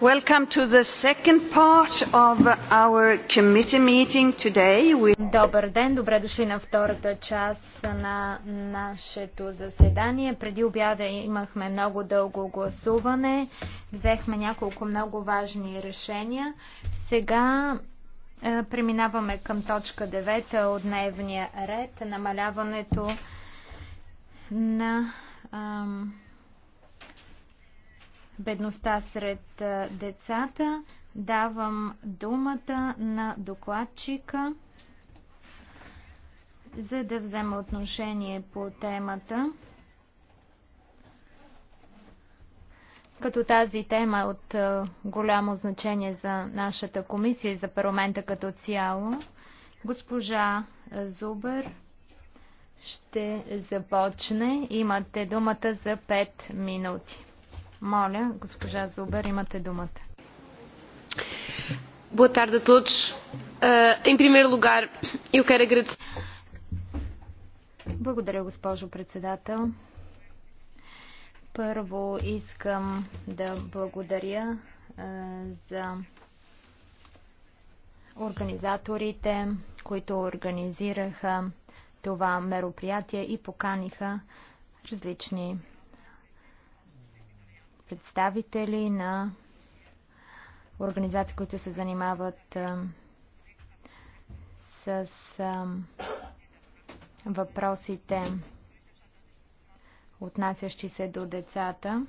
Welcome to the second part of our committee meeting today. We... Добър ден, добре дошли на втората част на нашето заседание. Преди обяда имахме много дълго гласуване, взехме няколко много важни решения. Сега е, преминаваме към точка 9 от дневния ред, намаляването на... Е, бедността сред децата. Давам думата на докладчика, за да взема отношение по темата. Като тази тема е от голямо значение за нашата комисия и за парламента като цяло, госпожа Зубер ще започне. Имате думата за 5 минути. Моля, госпожа Зубер, имате думата. Boa tarde a todos. Uh, em primeiro lugar, eu quero agradecer. Благодаря, госпожо председател. Първо искам да благодаря uh, за организаторите, които организираха това мероприятие и поканиха различни представители на организации, които се занимават с въпросите, отнасящи се до децата.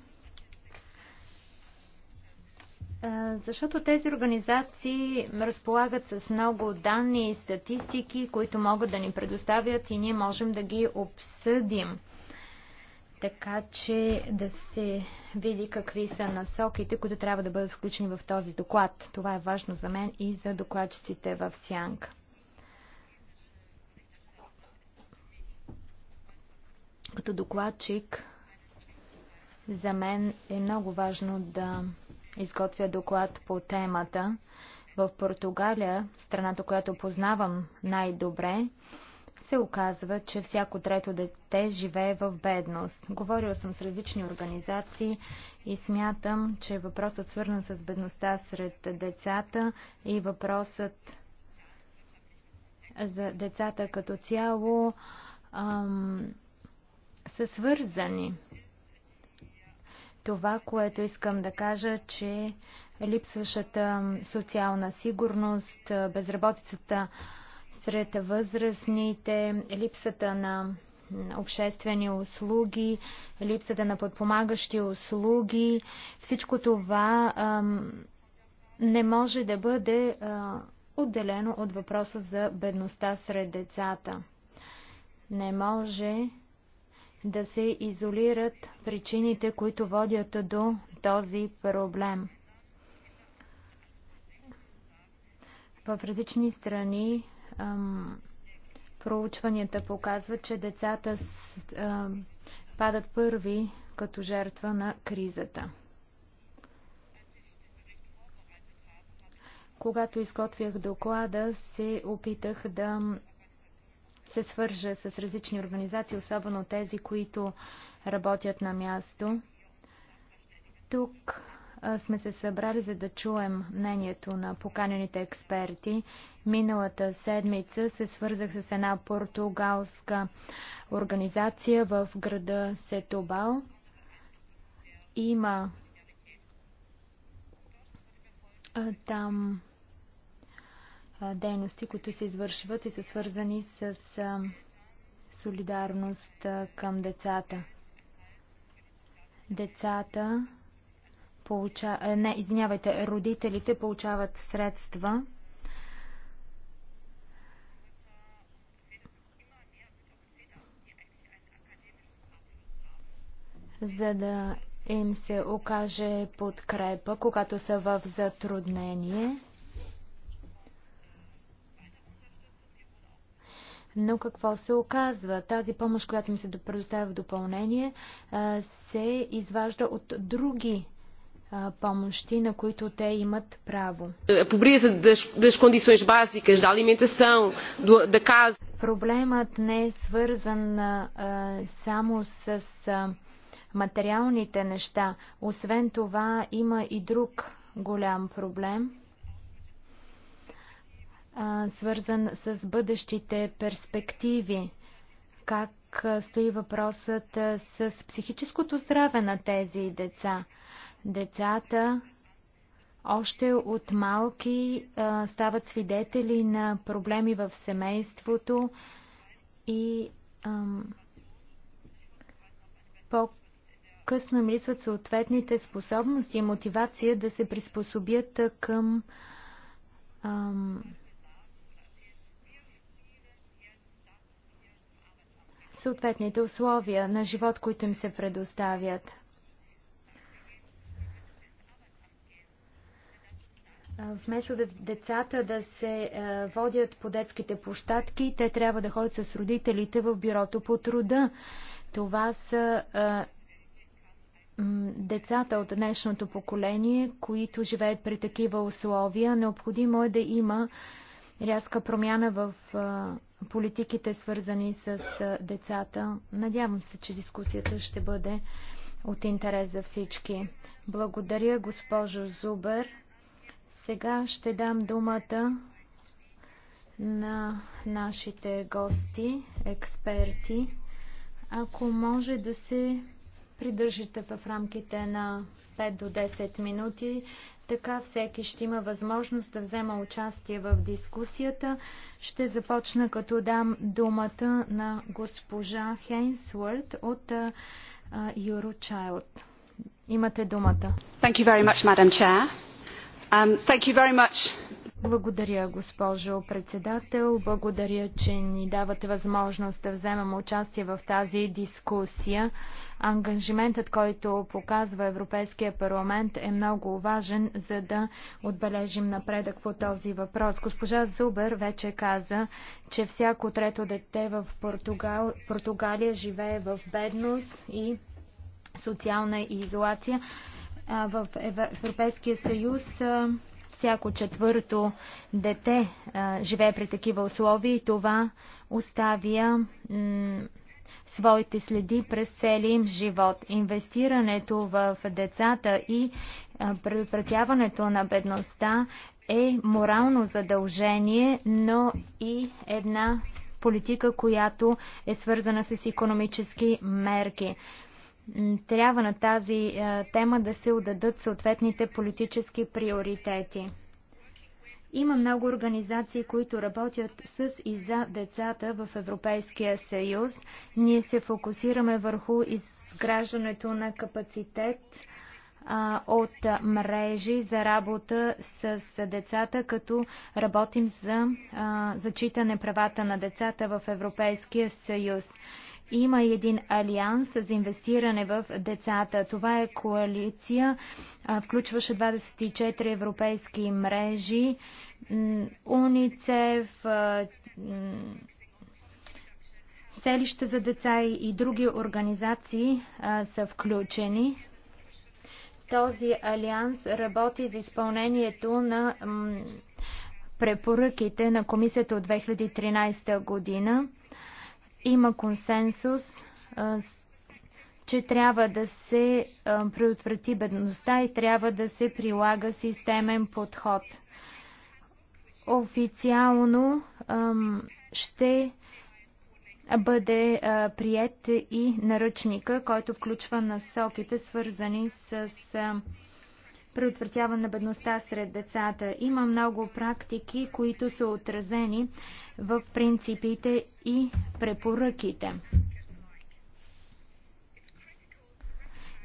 Защото тези организации разполагат с много данни и статистики, които могат да ни предоставят и ние можем да ги обсъдим така че да се види какви са насоките, които трябва да бъдат включени в този доклад. Това е важно за мен и за докладчиците в Сянг. Като докладчик за мен е много важно да изготвя доклад по темата. В Португалия, страната, която познавам най-добре, се оказва, че всяко трето дете живее в бедност. Говорил съм с различни организации и смятам, че въпросът свързан с бедността сред децата и въпросът за децата като цяло ам, са свързани. Това, което искам да кажа, че липсващата социална сигурност, безработицата, сред възрастните, липсата на обществени услуги, липсата на подпомагащи услуги. Всичко това не може да бъде а, отделено от въпроса за бедността сред децата. Не може да се изолират причините, които водят до този проблем. В различни страни проучванията показват, че децата с, падат първи като жертва на кризата. Когато изготвях доклада, се опитах да се свържа с различни организации, особено тези, които работят на място. Тук сме се събрали за да чуем мнението на поканените експерти. Миналата седмица се свързах с една португалска организация в града Сетобал. Има там дейности, които се извършват и са свързани с солидарност към децата. Децата получа... Е, не, извинявайте, родителите получават средства, за да им се окаже подкрепа, когато са в затруднение. Но какво се оказва? Тази помощ, която им се предоставя в допълнение, се изважда от други помощи, на които те имат право. Е, Проблемът не е свързан само с материалните неща. Освен това има и друг голям проблем, свързан с бъдещите перспективи. Как стои въпросът с психическото здраве на тези деца? Децата още от малки а, стават свидетели на проблеми в семейството и по-късно им рисват съответните способности и мотивация да се приспособят към съответните условия на живот, които им се предоставят. Вместо да, децата да се водят по детските площадки, те трябва да ходят с родителите в бюрото по труда. Това са децата от днешното поколение, които живеят при такива условия. Необходимо е да има рязка промяна в политиките, свързани с децата. Надявам се, че дискусията ще бъде от интерес за всички. Благодаря, госпожо Зубер. Сега ще дам думата на нашите гости, експерти. Ако може да се придържите в рамките на 5 до 10 минути, така всеки ще има възможност да взема участие в дискусията. Ще започна като дам думата на госпожа Хейнсворт от Юрочайлд. Имате думата. Thank you very much, Madam Chair. Um, Благодаря, госпожо председател. Благодаря, че ни давате възможност да вземем участие в тази дискусия. Ангажиментът, който показва Европейския парламент е много важен, за да отбележим напредък по този въпрос. Госпожа Зубер вече каза, че всяко трето дете в Португал... Португалия живее в бедност и социална изолация в Европейския съюз всяко четвърто дете живее при такива условия и това оставя своите следи през целия им живот. Инвестирането в децата и предотвратяването на бедността е морално задължение, но и една политика, която е свързана с економически мерки трябва на тази е, тема да се отдадат съответните политически приоритети. Има много организации, които работят с и за децата в Европейския съюз. Ние се фокусираме върху изграждането на капацитет от мрежи за работа с децата, като работим за зачитане правата на децата в Европейския съюз. Има един алианс за инвестиране в децата. Това е коалиция, включваше 24 европейски мрежи, Уницев, селища за деца и други организации са включени. Този алианс работи за изпълнението на препоръките на комисията от 2013 година. Има консенсус, че трябва да се предотврати бедността и трябва да се прилага системен подход. Официално ще бъде прият и наръчника, който включва насоките, свързани с предотвратяване на бедността сред децата. Има много практики, които са отразени в принципите и препоръките.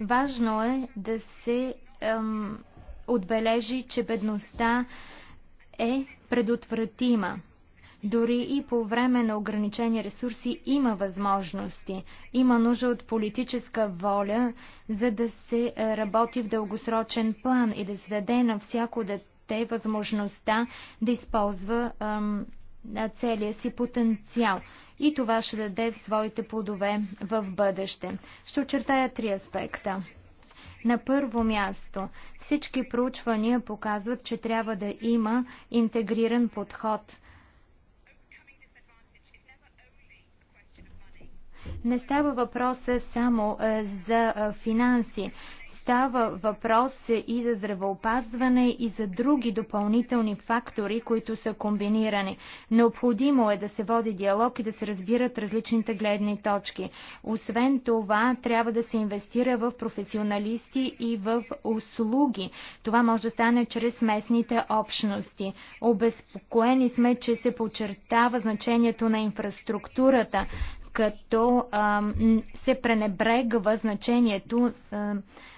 Важно е да се ем, отбележи, че бедността е предотвратима. Дори и по време на ограничени ресурси има възможности. Има нужда от политическа воля, за да се е, работи в дългосрочен план и да се даде на всяко дете възможността да използва ам, целия си потенциал. И това ще даде своите плодове в бъдеще. Ще очертая три аспекта. На първо място, всички проучвания показват, че трябва да има интегриран подход – Не става въпрос само е, за е, финанси. Става въпрос и за здравеопазване и за други допълнителни фактори, които са комбинирани. Необходимо е да се води диалог и да се разбират различните гледни точки. Освен това, трябва да се инвестира в професионалисти и в услуги. Това може да стане чрез местните общности. Обезпокоени сме, че се подчертава значението на инфраструктурата, като а, се пренебрегва значението а,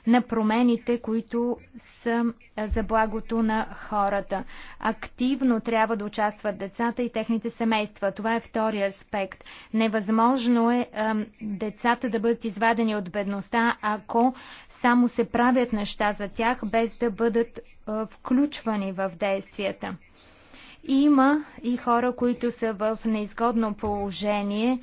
на промените, които са за благото на хората. Активно трябва да участват децата и техните семейства. Това е втория аспект. Невъзможно е а, децата да бъдат извадени от бедността, ако само се правят неща за тях, без да бъдат а, включвани в действията. Има и хора, които са в неизгодно положение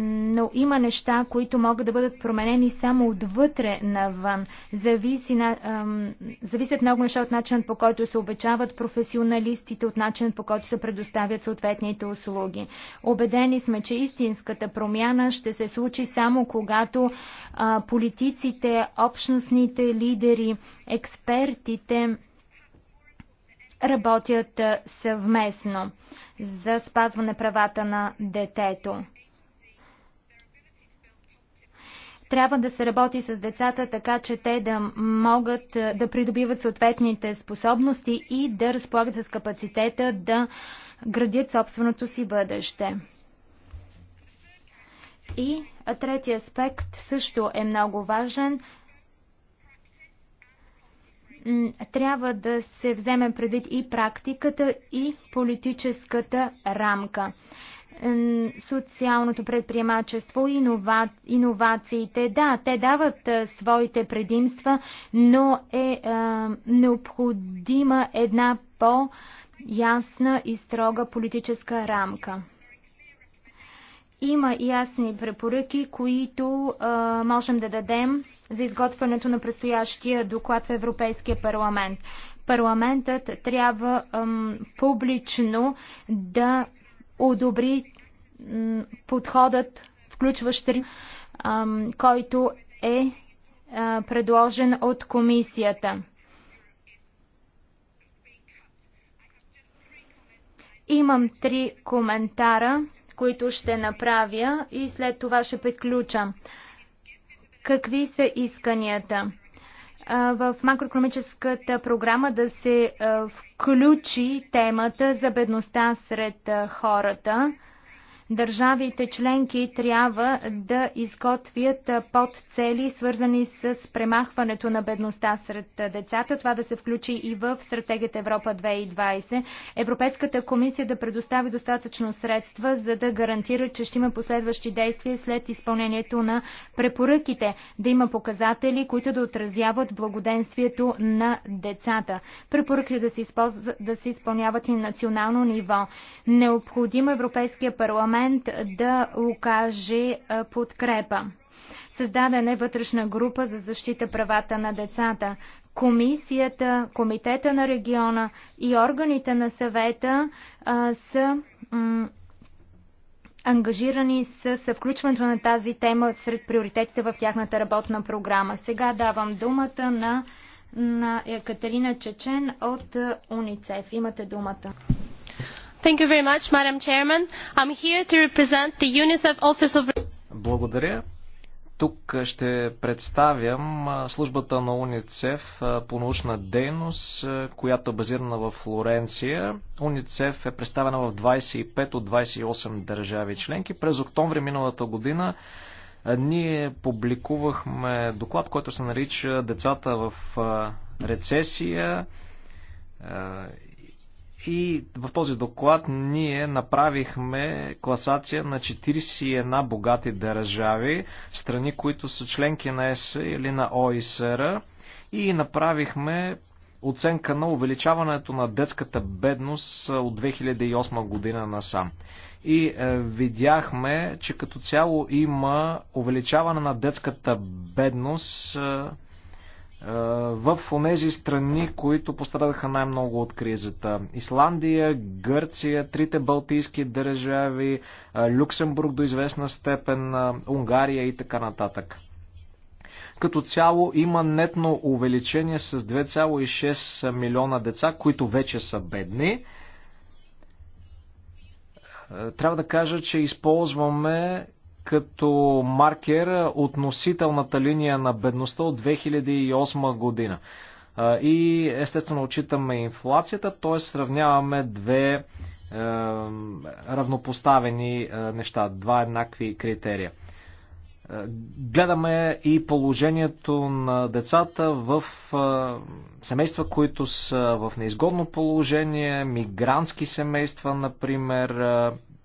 но има неща, които могат да бъдат променени само отвътре навън. Зависи на, ам, зависят много неща от начинът по който се обечават професионалистите, от начинът по който се предоставят съответните услуги. Обедени сме, че истинската промяна ще се случи само когато а, политиците, общностните лидери, експертите работят съвместно за спазване правата на детето. Трябва да се работи с децата така, че те да могат е, да придобиват съответните способности и да разполагат с капацитета да градят собственото си бъдеще. И трети аспект също е много важен. Трябва да се вземе предвид и практиката, и политическата рамка социалното предприемачество и инова... иновациите. Да, те дават а, своите предимства, но е а, необходима една по-ясна и строга политическа рамка. Има ясни препоръки, които а, можем да дадем за изготвянето на предстоящия доклад в Европейския парламент. Парламентът трябва ам, публично да одобри подходът, включващ който е предложен от комисията. Имам три коментара, които ще направя и след това ще приключа. Какви са исканията? в макроекономическата програма да се включи темата за бедността сред хората. Държавите членки трябва да изготвят под цели, свързани с премахването на бедността сред децата. Това да се включи и в стратегията Европа 2020. Европейската комисия да предостави достатъчно средства, за да гарантира, че ще има последващи действия след изпълнението на препоръките. Да има показатели, които да отразяват благоденствието на децата. Препоръките да се, да се изпълняват и на национално ниво. Необходимо е Европейския парламент парламент да окаже подкрепа. Създадена е вътрешна група за защита правата на децата. Комисията, Комитета на региона и органите на съвета а, са ангажирани с включването на тази тема сред приоритетите в тяхната работна програма. Сега давам думата на, на Екатерина Чечен от УНИЦЕФ. Имате думата. Благодаря. Тук ще представям службата на УНИЦЕФ по научна дейност, която е базирана в Флоренция. УНИЦЕФ е представена в 25 от 28 държави членки. През октомври миналата година ние публикувахме доклад, който се нарича Децата в рецесия и в този доклад ние направихме класация на 41 богати държави, страни, които са членки на ЕС или на ОИСР и направихме оценка на увеличаването на детската бедност от 2008 година насам. И е, видяхме, че като цяло има увеличаване на детската бедност е, в онези страни, които пострадаха най-много от кризата. Исландия, Гърция, трите балтийски държави, Люксембург до известна степен, Унгария и така нататък. Като цяло има нетно увеличение с 2,6 милиона деца, които вече са бедни. Трябва да кажа, че използваме като маркер относителната линия на бедността от 2008 година. И естествено отчитаме инфлацията, т.е. сравняваме две е, равнопоставени е, неща, два еднакви критерия. Е, гледаме и положението на децата в е, семейства, които са в неизгодно положение, мигрантски семейства, например,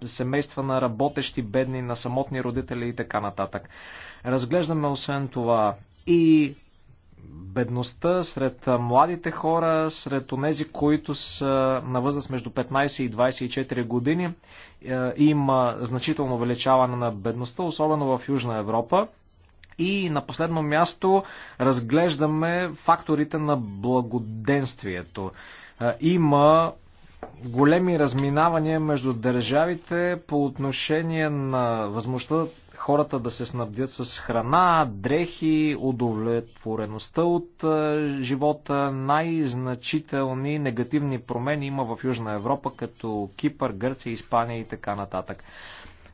семейства на работещи бедни, на самотни родители и така нататък. Разглеждаме освен това и бедността сред младите хора, сред онези, които са на възраст между 15 и 24 години. Е, има значително увеличаване на бедността, особено в Южна Европа. И на последно място разглеждаме факторите на благоденствието. Е, има големи разминавания между държавите по отношение на възможността хората да се снабдят с храна, дрехи, удовлетвореността от живота. Най-значителни негативни промени има в Южна Европа, като Кипър, Гърция, Испания и така нататък.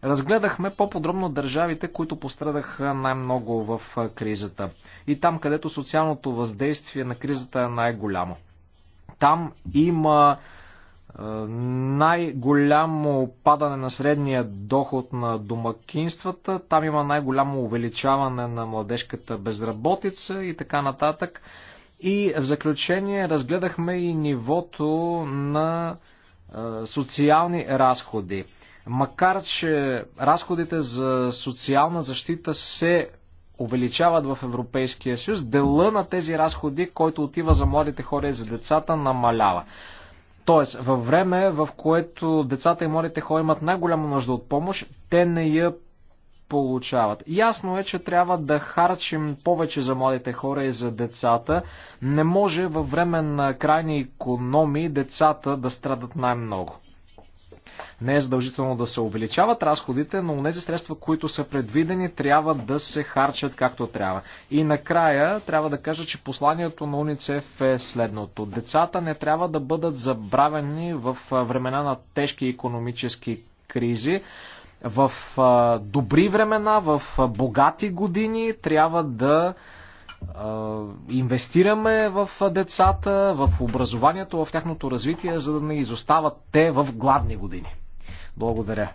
Разгледахме по-подробно държавите, които пострадаха най-много в кризата и там, където социалното въздействие на кризата е най-голямо. Там има е, най-голямо падане на средния доход на домакинствата, там има най-голямо увеличаване на младежката безработица и така нататък. И в заключение разгледахме и нивото на е, социални разходи. Макар, че разходите за социална защита се увеличават в Европейския съюз, дела на тези разходи, който отива за младите хора и за децата, намалява. Тоест, във време, в което децата и младите хора имат най-голяма нужда от помощ, те не я получават. Ясно е, че трябва да харчим повече за младите хора и за децата. Не може във време на крайни економии децата да страдат най-много. Не е задължително да се увеличават разходите, но тези средства, които са предвидени, трябва да се харчат както трябва. И накрая трябва да кажа, че посланието на УНИЦЕФ е следното. Децата не трябва да бъдат забравени в времена на тежки економически кризи в добри времена, в богати години трябва да инвестираме в децата, в образованието, в тяхното развитие, за да не изостават те в гладни години. Благодаря.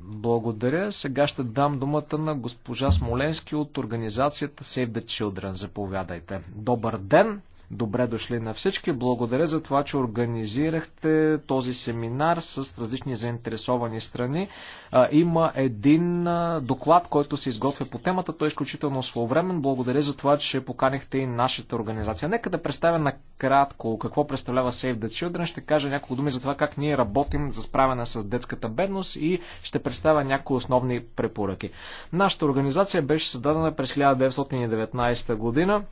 Благодаря. Сега ще дам думата на госпожа Смоленски от организацията Save the Children. Заповядайте. Добър ден! Добре дошли на всички. Благодаря за това, че организирахте този семинар с различни заинтересовани страни. Има един доклад, който се изготвя по темата. Той е изключително своевремен. Благодаря за това, че поканихте и нашата организация. Нека да представя накратко какво представлява Save the Children. Ще кажа няколко думи за това как ние работим за справяне с детската бедност и ще представя някои основни препоръки. Нашата организация беше създадена през 1919 година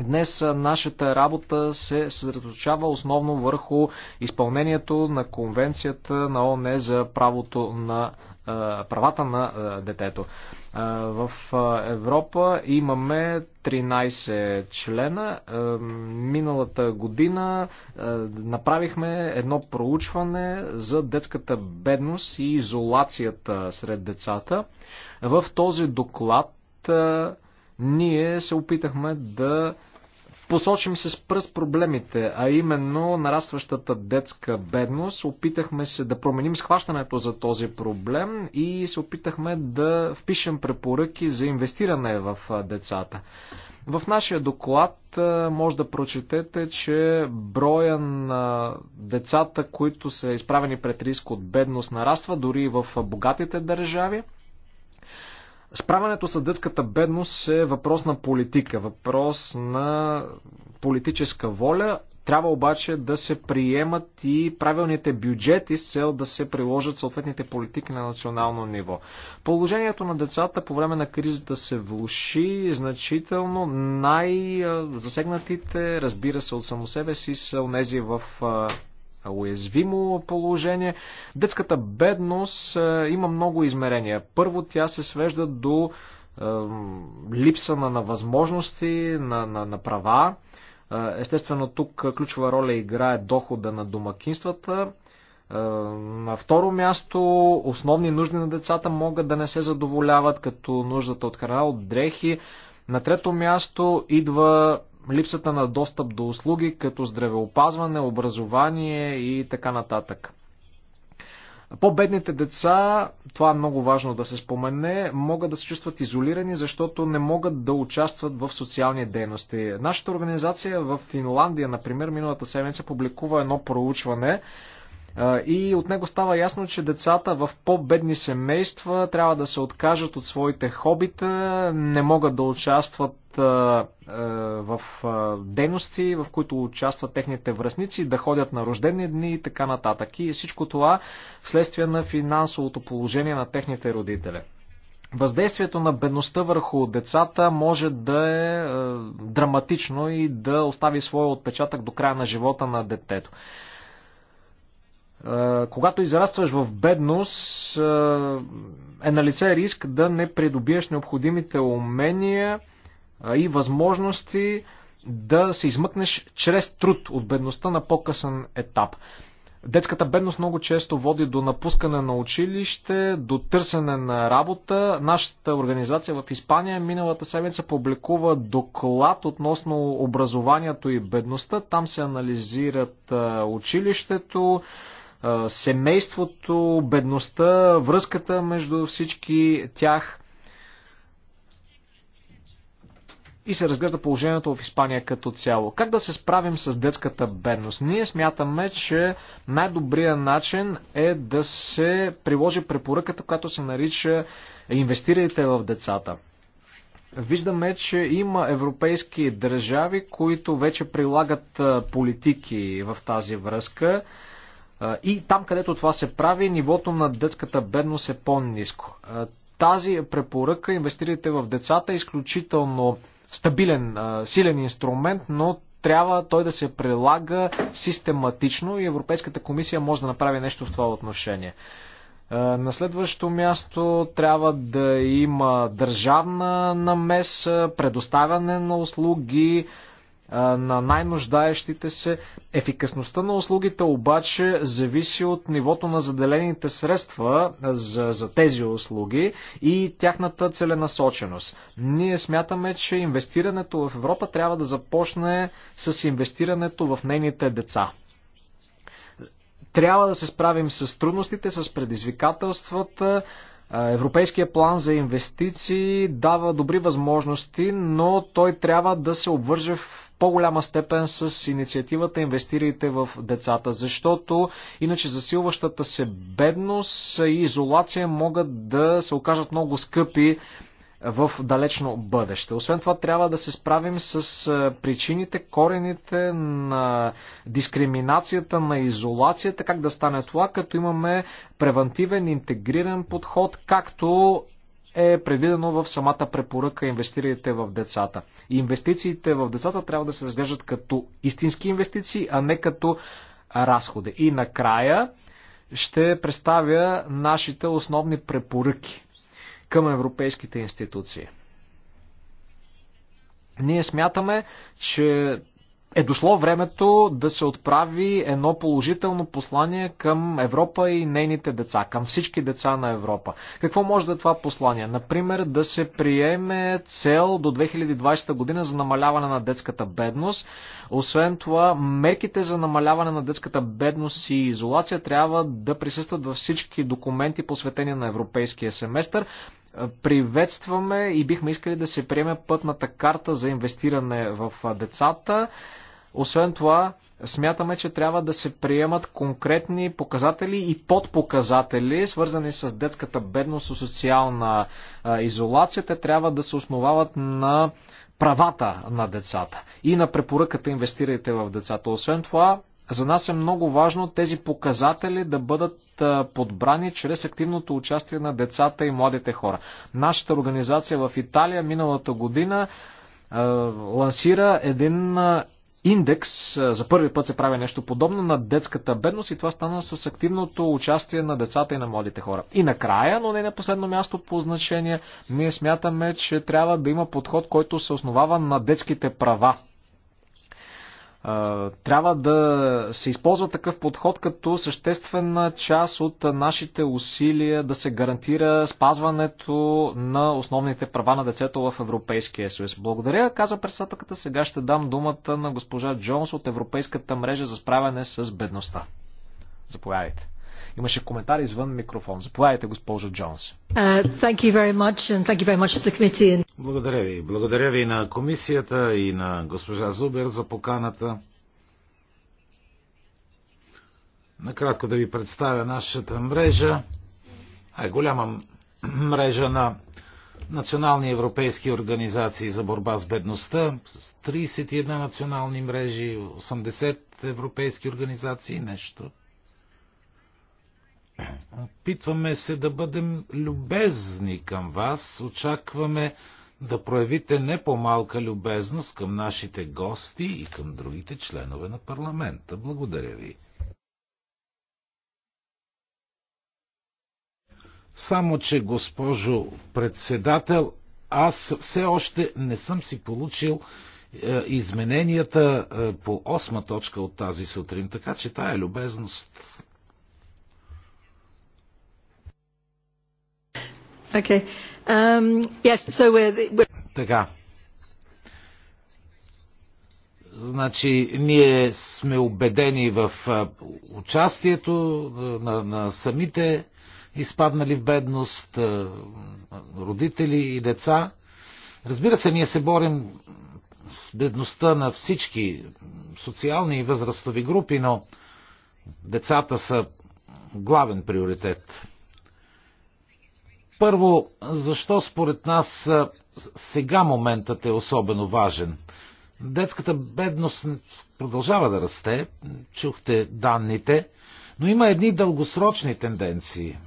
Днес нашата работа се съсредоточава основно върху изпълнението на конвенцията на ОНЕ за правото на правата на детето. В Европа имаме 13 члена. Миналата година направихме едно проучване за детската бедност и изолацията сред децата. В този доклад ние се опитахме да посочим се с пръст проблемите, а именно нарастващата детска бедност. Опитахме се да променим схващането за този проблем и се опитахме да впишем препоръки за инвестиране в децата. В нашия доклад може да прочетете, че броя на децата, които са изправени пред риск от бедност, нараства дори и в богатите държави – Справянето с детската бедност е въпрос на политика, въпрос на политическа воля. Трябва обаче да се приемат и правилните бюджети с цел да се приложат съответните политики на национално ниво. Положението на децата по време на кризата се влуши значително. Най-засегнатите, разбира се, от само себе си са онези в уязвимо положение. Детската бедност е, има много измерения. Първо тя се свежда до липса на, на възможности, на, на, на права. Е, естествено, тук ключова роля играе дохода на домакинствата. Е, на второ място, основни нужди на децата могат да не се задоволяват, като нуждата от храна, от дрехи. На трето място идва липсата на достъп до услуги, като здравеопазване, образование и така нататък. По-бедните деца, това е много важно да се спомене, могат да се чувстват изолирани, защото не могат да участват в социални дейности. Нашата организация в Финландия, например, миналата седмица публикува едно проучване и от него става ясно, че децата в по-бедни семейства трябва да се откажат от своите хобита, не могат да участват в дейности, в които участват техните връзници, да ходят на рождени дни и така нататък. И всичко това вследствие на финансовото положение на техните родители. Въздействието на бедността върху децата може да е, драматично и да остави своя отпечатък до края на живота на детето. когато израстваш в бедност, е на лице риск да не придобиеш необходимите умения и възможности да се измъкнеш чрез труд от бедността на по-късен етап. Детската бедност много често води до напускане на училище, до търсене на работа. Нашата организация в Испания миналата седмица публикува доклад относно образованието и бедността. Там се анализират училището, семейството, бедността, връзката между всички тях. и се разглежда положението в Испания като цяло. Как да се справим с детската бедност? Ние смятаме, че най-добрият начин е да се приложи препоръката, която се нарича инвестирайте в децата. Виждаме, че има европейски държави, които вече прилагат политики в тази връзка. И там, където това се прави, нивото на детската бедност е по-низко. Тази препоръка, инвестирайте в децата, е изключително стабилен, силен инструмент, но трябва той да се прилага систематично и Европейската комисия може да направи нещо в това отношение. На следващото място трябва да има държавна намеса, предоставяне на услуги, на най-нуждаещите се. Ефикасността на услугите обаче зависи от нивото на заделените средства за, за тези услуги и тяхната целенасоченост. Ние смятаме, че инвестирането в Европа трябва да започне с инвестирането в нейните деца. Трябва да се справим с трудностите, с предизвикателствата, Европейския план за инвестиции дава добри възможности, но той трябва да се обвърже в по-голяма степен с инициативата инвестирайте в децата, защото иначе засилващата се бедност и изолация могат да се окажат много скъпи в далечно бъдеще. Освен това, трябва да се справим с причините, корените на дискриминацията, на изолацията, как да стане това, като имаме превентивен, интегриран подход, както е предвидено в самата препоръка инвестирайте в децата. И инвестициите в децата трябва да се разглеждат като истински инвестиции, а не като разходи. И накрая ще представя нашите основни препоръки към европейските институции. Ние смятаме, че е дошло времето да се отправи едно положително послание към Европа и нейните деца, към всички деца на Европа. Какво може да е това послание? Например, да се приеме цел до 2020 година за намаляване на детската бедност. Освен това, мерките за намаляване на детската бедност и изолация трябва да присъстват във всички документи, посветени на европейския семестър приветстваме и бихме искали да се приеме пътната карта за инвестиране в децата. Освен това, смятаме, че трябва да се приемат конкретни показатели и подпоказатели, свързани с детската бедност, социална изолация. Те трябва да се основават на правата на децата и на препоръката инвестирайте в децата. Освен това, за нас е много важно тези показатели да бъдат подбрани чрез активното участие на децата и младите хора. Нашата организация в Италия миналата година лансира един индекс, за първи път се прави нещо подобно на детската бедност и това стана с активното участие на децата и на младите хора. И накрая, но не на последно място по значение, ние смятаме, че трябва да има подход, който се основава на детските права трябва да се използва такъв подход като съществена част от нашите усилия да се гарантира спазването на основните права на децето в Европейския съюз. Благодаря, каза председателката. Сега ще дам думата на госпожа Джонс от Европейската мрежа за справяне с бедността. Заповядайте. Имаше коментар извън микрофон. Заповядайте, госпожо Джонс. Uh, Благодаря ви. Благодаря ви на комисията и на госпожа Зубер за поканата. Накратко да ви представя нашата мрежа. А е голяма мрежа на национални европейски организации за борба с бедността, с 31 национални мрежи, 80 европейски организации, нещо Опитваме се да бъдем любезни към вас. Очакваме да проявите не по-малка любезност към нашите гости и към другите членове на парламента. Благодаря ви. Само, че, госпожо председател, аз все още не съм си получил е, измененията е, по осма точка от тази сутрин, така че тая любезност Okay. Um, yes, so we're, we're... Така. Значи, ние сме убедени в участието на, на самите изпаднали в бедност, родители и деца. Разбира се, ние се борим с бедността на всички социални и възрастови групи, но децата са главен приоритет. Първо, защо според нас сега моментът е особено важен? Детската бедност продължава да расте, чухте данните, но има едни дългосрочни тенденции.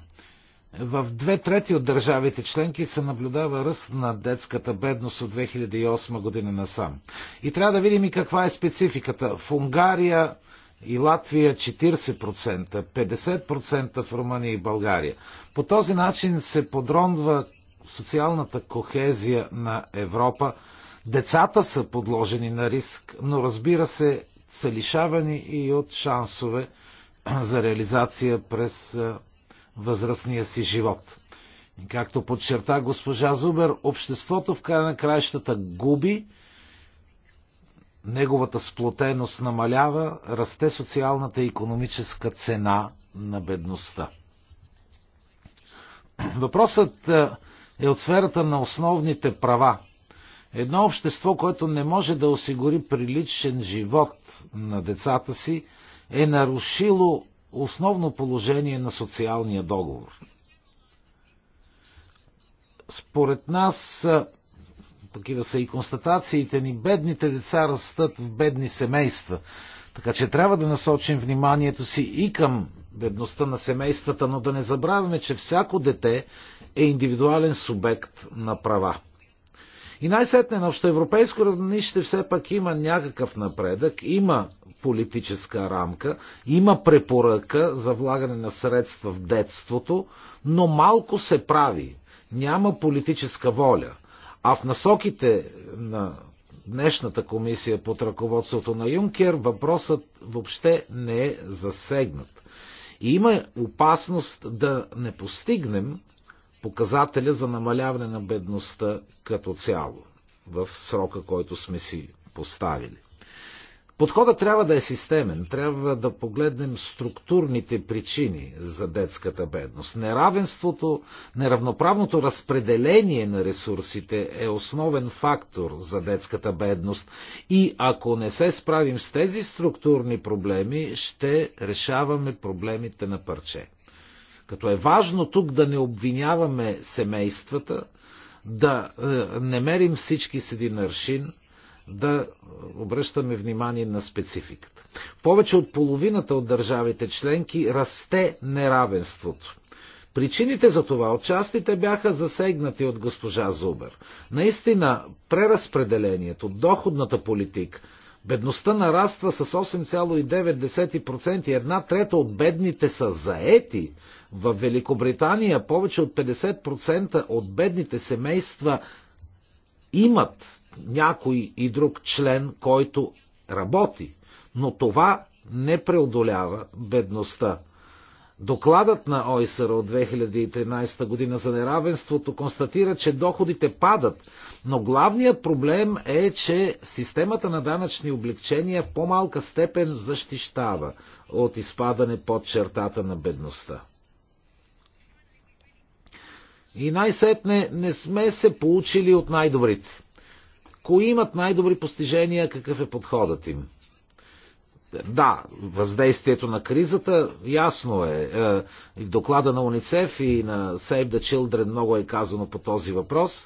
В две трети от държавите членки се наблюдава ръст на детската бедност от 2008 година насам. И трябва да видим и каква е спецификата. В Унгария и Латвия 40%, 50% в Румъния и България. По този начин се подронва социалната кохезия на Европа. Децата са подложени на риск, но разбира се, са лишавани и от шансове за реализация през възрастния си живот. Както подчерта госпожа Зубер, обществото в края на краищата губи неговата сплотеност намалява, расте социалната и економическа цена на бедността. Въпросът е, е от сферата на основните права. Едно общество, което не може да осигури приличен живот на децата си, е нарушило основно положение на социалния договор. Според нас е, такива са и констатациите ни, бедните деца растат в бедни семейства. Така че трябва да насочим вниманието си и към бедността на семействата, но да не забравяме, че всяко дете е индивидуален субект на права. И най-сетне на общоевропейско разнище все пак има някакъв напредък, има политическа рамка, има препоръка за влагане на средства в детството, но малко се прави. Няма политическа воля – а в насоките на днешната комисия под ръководството на Юнкер въпросът въобще не е засегнат. И има опасност да не постигнем показателя за намаляване на бедността като цяло в срока, който сме си поставили. Подходът трябва да е системен, трябва да погледнем структурните причини за детската бедност. Неравенството, неравноправното разпределение на ресурсите е основен фактор за детската бедност и ако не се справим с тези структурни проблеми, ще решаваме проблемите на парче. Като е важно тук да не обвиняваме семействата, да е, не мерим всички с един аршин – да обръщаме внимание на спецификата. Повече от половината от държавите членки расте неравенството. Причините за това отчастите бяха засегнати от госпожа Зубер. Наистина, преразпределението, доходната политика, бедността нараства с 8,9% и една трета от бедните са заети. В Великобритания повече от 50% от бедните семейства имат някой и друг член, който работи. Но това не преодолява бедността. Докладът на ОИСР от 2013 година за неравенството констатира, че доходите падат, но главният проблем е, че системата на данъчни облегчения в по-малка степен защищава от изпадане под чертата на бедността. И най-сетне не сме се получили от най-добрите кои имат най-добри постижения, какъв е подходът им. Да, въздействието на кризата, ясно е. е. И в доклада на УНИЦЕФ и на Save the Children много е казано по този въпрос.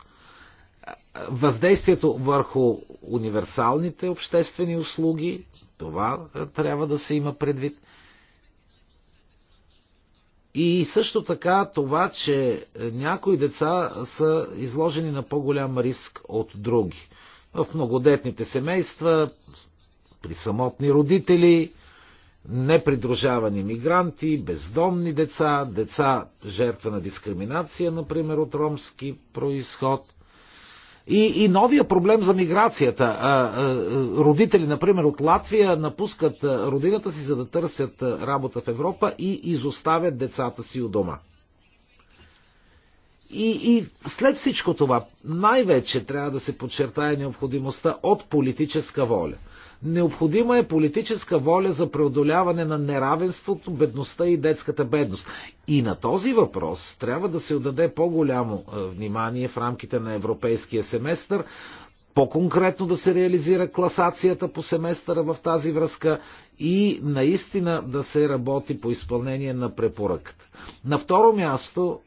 Е, въздействието върху универсалните обществени услуги, това е, трябва да се има предвид. И също така това, че някои деца са изложени на по-голям риск от други в многодетните семейства, при самотни родители, непридружавани мигранти, бездомни деца, деца жертва на дискриминация, например, от ромски происход. И, и новия проблем за миграцията. А, а, родители, например, от Латвия напускат родината си, за да търсят работа в Европа и изоставят децата си у дома. И, и след всичко това, най-вече трябва да се подчертае необходимостта от политическа воля. Необходима е политическа воля за преодоляване на неравенството, бедността и детската бедност. И на този въпрос трябва да се отдаде по-голямо е, внимание в рамките на европейския семестър, по-конкретно да се реализира класацията по семестъра в тази връзка и наистина да се работи по изпълнение на препоръката. На второ място,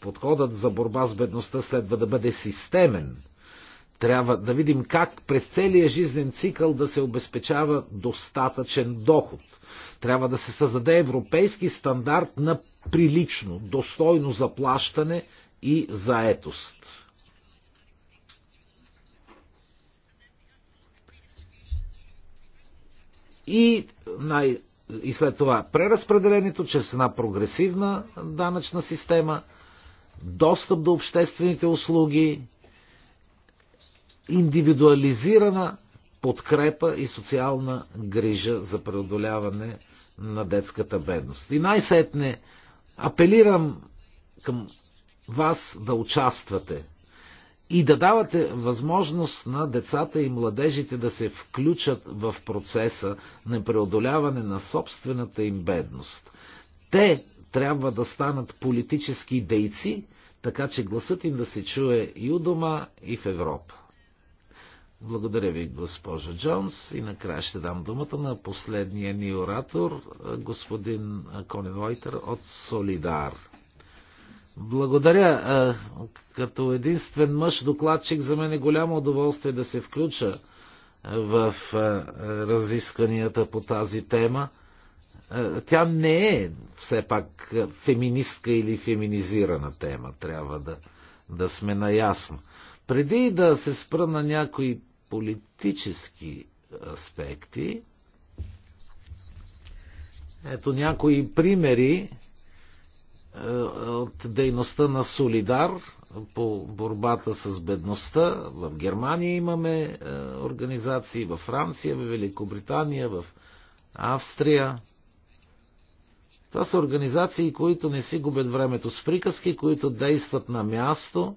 подходът за борба с бедността следва да бъде системен. Трябва да видим как през целия жизнен цикъл да се обезпечава достатъчен доход. Трябва да се създаде европейски стандарт на прилично, достойно заплащане и заетост. И най- и след това преразпределението чрез една прогресивна данъчна система – достъп до обществените услуги, индивидуализирана подкрепа и социална грижа за преодоляване на детската бедност. И най-сетне апелирам към вас да участвате и да давате възможност на децата и младежите да се включат в процеса на преодоляване на собствената им бедност. Те трябва да станат политически дейци, така че гласът им да се чуе и у дома, и в Европа. Благодаря ви, госпожо Джонс. И накрая ще дам думата на последния ни оратор, господин Конин Лойтер от Солидар. Благодаря. Като единствен мъж докладчик за мен е голямо удоволствие да се включа в разискванията по тази тема. Е, тя не е все пак феминистка или феминизирана тема, трябва да, да сме наясно. Преди да се спра на някои политически аспекти, ето някои примери е, от дейността на Солидар по борбата с бедността. В Германия имаме е, организации, във Франция, в Великобритания, в Австрия. Това са организации, които не си губят времето с приказки, които действат на място,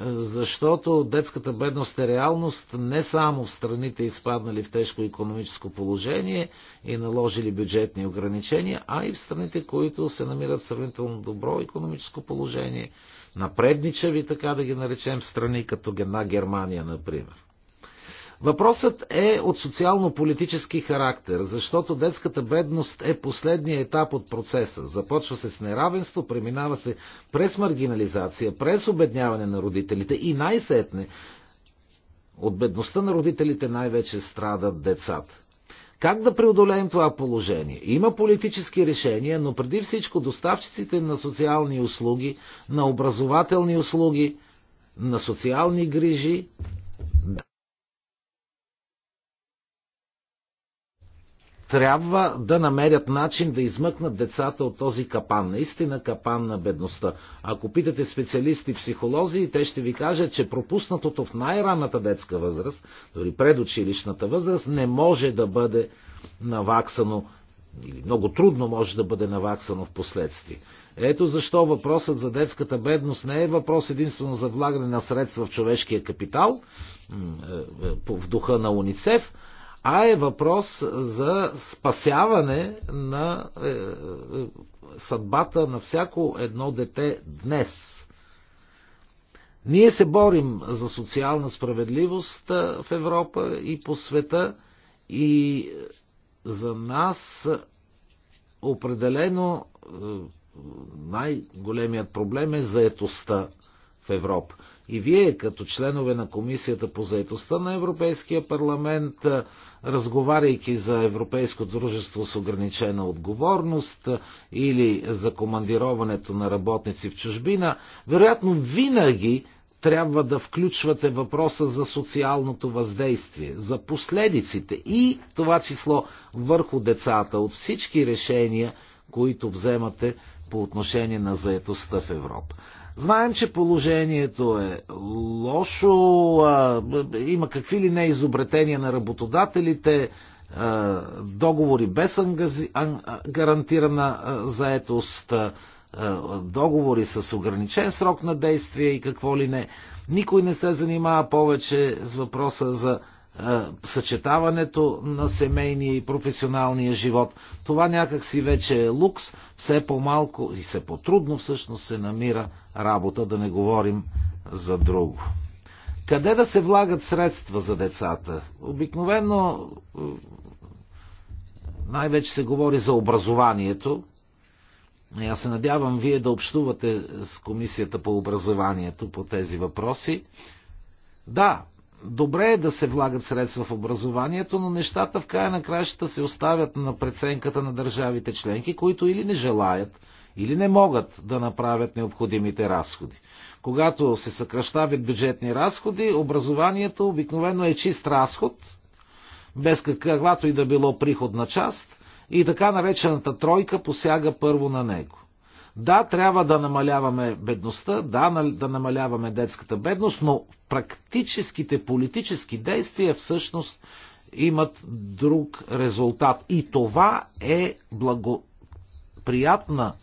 е, защото детската бедност е реалност не само в страните изпаднали в тежко економическо положение и наложили бюджетни ограничения, а и в страните, които се намират в сравнително добро економическо положение, напредничави, така да ги наречем, страни, като една Германия, например. Въпросът е от социално-политически характер, защото детската бедност е последния етап от процеса. Започва се с неравенство, преминава се през маргинализация, през обедняване на родителите и най-сетне от бедността на родителите най-вече страдат децата. Как да преодолеем това положение? Има политически решения, но преди всичко доставчиците на социални услуги, на образователни услуги, на социални грижи трябва да намерят начин да измъкнат децата от този капан, наистина капан на бедността. Ако питате специалисти, психолози, те ще ви кажат, че пропуснатото в най-ранната детска възраст, дори предучилищната възраст, не може да бъде наваксано или много трудно може да бъде наваксано в последствие. Ето защо въпросът за детската бедност не е въпрос единствено за влагане на средства в човешкия капитал, е, е, в духа на УНИЦЕФ, а е въпрос за спасяване на е, е, съдбата на всяко едно дете днес. Ние се борим за социална справедливост е, в Европа и по света и за нас определено е, най-големият проблем е заетостта в Европа. И вие, като членове на Комисията по заедостта на Европейския парламент, разговаряйки за Европейско дружество с ограничена отговорност или за командироването на работници в чужбина, вероятно винаги трябва да включвате въпроса за социалното въздействие, за последиците и това число върху децата от всички решения, които вземате по отношение на заетостта в Европа. Знаем, че положението е лошо, а, има какви ли не изобретения на работодателите, а, договори без ангази, а, гарантирана а, заетост, а, договори с ограничен срок на действие и какво ли не. Никой не се занимава повече с въпроса за съчетаването на семейния и професионалния живот. Това някак си вече е лукс, все по-малко и все по-трудно всъщност се намира работа, да не говорим за друго. Къде да се влагат средства за децата? Обикновено най-вече се говори за образованието. Аз се надявам вие да общувате с Комисията по образованието по тези въпроси. Да, добре е да се влагат средства в образованието, но нещата в края на краищата се оставят на преценката на държавите членки, които или не желаят, или не могат да направят необходимите разходи. Когато се съкръщават бюджетни разходи, образованието обикновено е чист разход, без каквато и да било приходна част, и така наречената тройка посяга първо на него. Да, трябва да намаляваме бедността, да, да намаляваме детската бедност, но практическите политически действия всъщност имат друг резултат. И това е благоприятна,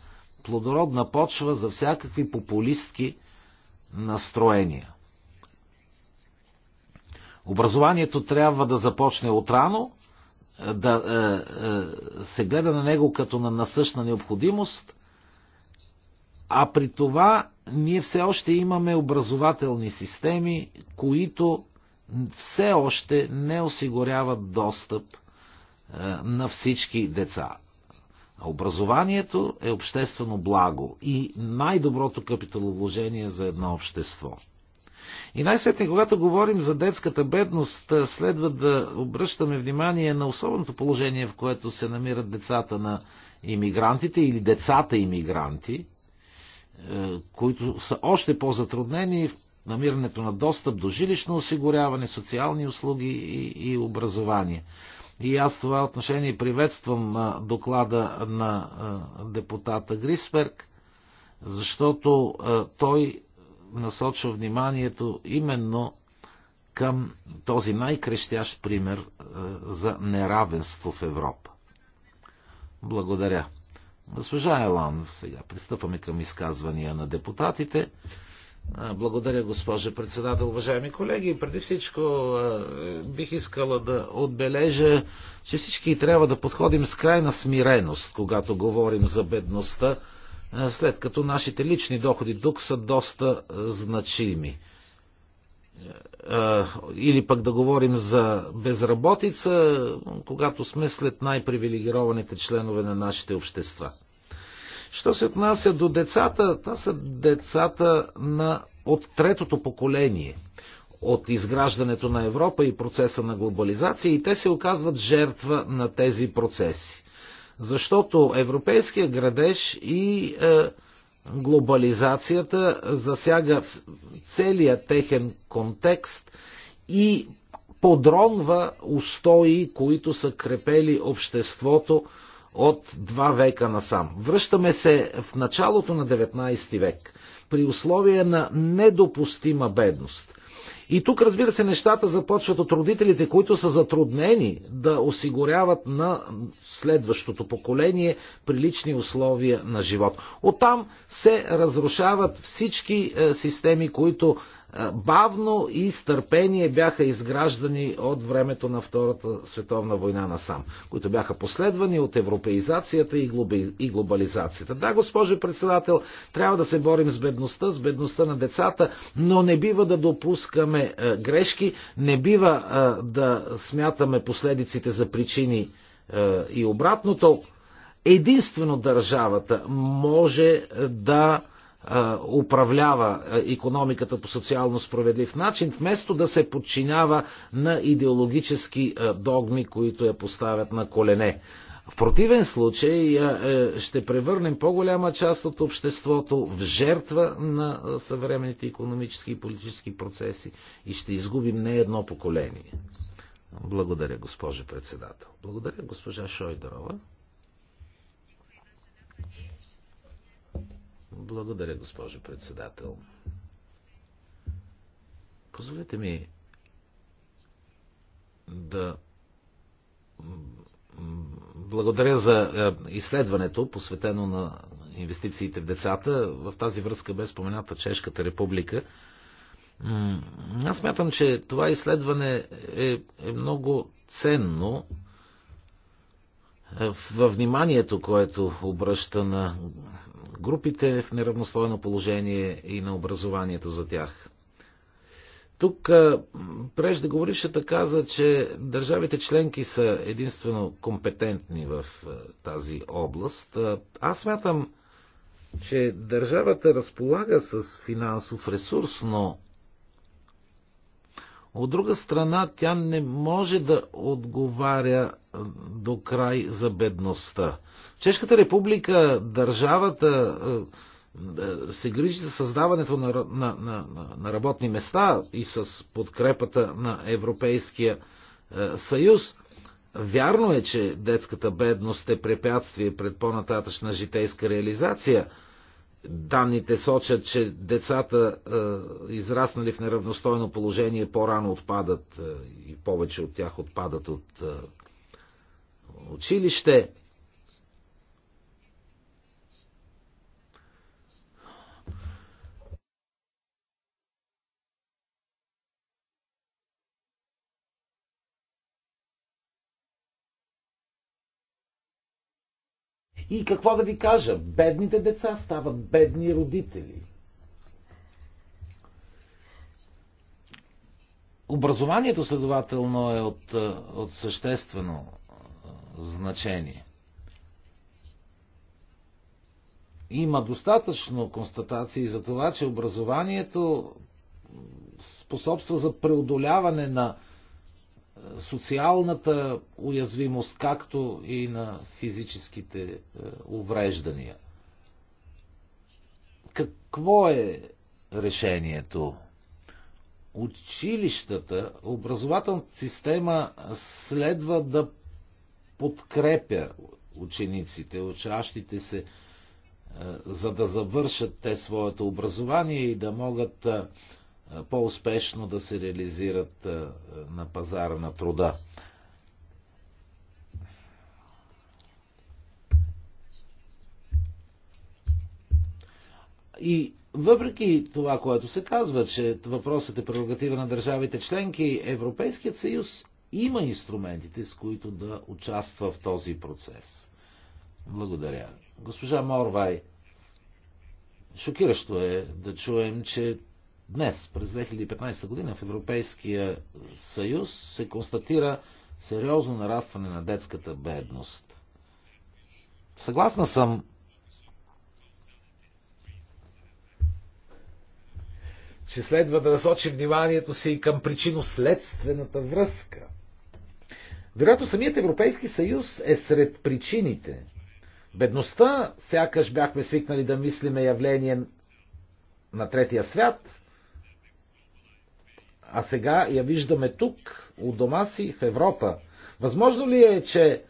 плодородна почва за всякакви популистки настроения. Образованието трябва да започне отрано, да е, е, се гледа на него като на насъщна необходимост – а при това ние все още имаме образователни системи, които все още не осигуряват достъп е, на всички деца. Образованието е обществено благо и най-доброто капиталовложение за едно общество. И най-сетне, когато говорим за детската бедност, е, следва да обръщаме внимание на особеното положение, в което се намират децата на иммигрантите или децата иммигранти, е, които са още по-затруднени в намирането на достъп до жилищно осигуряване, социални услуги и, и образование. И аз в това отношение приветствам доклада на депутата Грисберг, защото той насочва вниманието именно към този най-крещящ пример за неравенство в Европа. Благодаря. Госпожа Елан, сега пристъпваме към изказвания на депутатите. Благодаря, госпожа председател. Уважаеми колеги, преди всичко бих искала да отбележа, че всички трябва да подходим с крайна смиреност, когато говорим за бедността, след като нашите лични доходи тук са доста значими. Е, или пък да говорим за безработица, когато сме след най-привилегированите членове на нашите общества. Що се отнася до децата, това са децата на, от третото поколение от изграждането на Европа и процеса на глобализация и те се оказват жертва на тези процеси. Защото европейския градеж и е, глобализацията засяга целия техен контекст и подронва устои, които са крепели обществото от два века насам. Връщаме се в началото на 19 век, при условие на недопустима бедност, и тук, разбира се, нещата започват от родителите, които са затруднени да осигуряват на следващото поколение прилични условия на живот. Оттам се разрушават всички е, системи, които бавно и с търпение бяха изграждани от времето на Втората световна война насам, които бяха последвани от европеизацията и глобализацията. Да, госпожо председател, трябва да се борим с бедността, с бедността на децата, но не бива да допускаме грешки, не бива да смятаме последиците за причини и обратното. Единствено държавата може да управлява економиката по социално справедлив начин, вместо да се подчинява на идеологически догми, които я поставят на колене. В противен случай е, ще превърнем по-голяма част от обществото в жертва на съвременните економически и политически процеси и ще изгубим не едно поколение. Благодаря, госпожо председател. Благодаря, госпожа Шойдорова. Благодаря, госпожо председател. Позволете ми да благодаря за е, изследването, посветено на инвестициите в децата. В тази връзка бе спомената Чешката република. Аз мятам, че това изследване е, е много ценно във вниманието, което обръща на групите в неравностойно положение и на образованието за тях. Тук преждеговорившата каза, че държавите членки са единствено компетентни в тази област. Аз смятам, че държавата разполага с финансов ресурс, но от друга страна, тя не може да отговаря до край за бедността. В Чешката република държавата се грижи за създаването на, на, на, на работни места и с подкрепата на Европейския съюз. Вярно е, че детската бедност е препятствие пред по-нататъчна житейска реализация – Данните сочат, че децата, е, израснали в неравностойно положение, по-рано отпадат е, и повече от тях отпадат от е, училище. И какво да ви кажа? Бедните деца стават бедни родители. Образованието, следователно, е от, е, от съществено е, значение. Има достатъчно констатации за това, че образованието способства за преодоляване на социалната уязвимост, както и на физическите е, увреждания. Какво е решението? Училищата, образователната система следва да подкрепя учениците, учащите се, е, за да завършат те своето образование и да могат е, по-успешно да се реализират на пазара на труда. И въпреки това, което се казва, че въпросът е прерогатива на държавите членки, Европейският съюз има инструментите, с които да участва в този процес. Благодаря. Госпожа Морвай, шокиращо е да чуем, че Днес, през 2015 година, в Европейския съюз се констатира сериозно нарастване на детската бедност. Съгласна съм че следва да насочи вниманието си и към причинно-следствената връзка. Вероятно самият Европейски съюз е сред причините. Бедността, сякаш бяхме свикнали да мислиме явление на третия свят, а сега я виждаме тук, у дома си, в Европа. Възможно ли е, че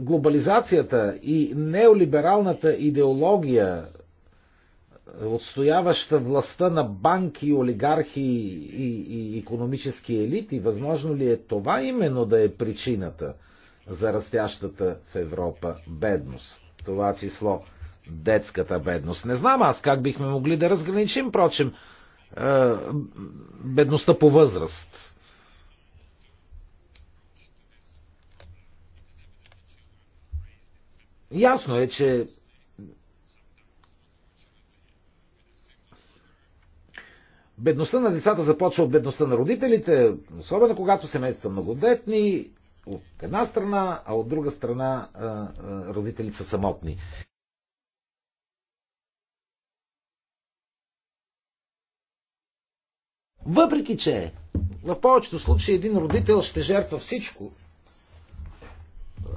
глобализацията и неолибералната идеология, отстояваща властта на банки, олигархи и, и економически елити, възможно ли е това именно да е причината за растящата в Европа бедност? Това число детската бедност. Не знам аз как бихме могли да разграничим, прочим, е, бедността по възраст. Ясно е, че бедността на децата започва от бедността на родителите, особено когато семейства са многодетни, от една страна, а от друга страна е, е, родителите са самотни. Въпреки, че в повечето случаи един родител ще жертва всичко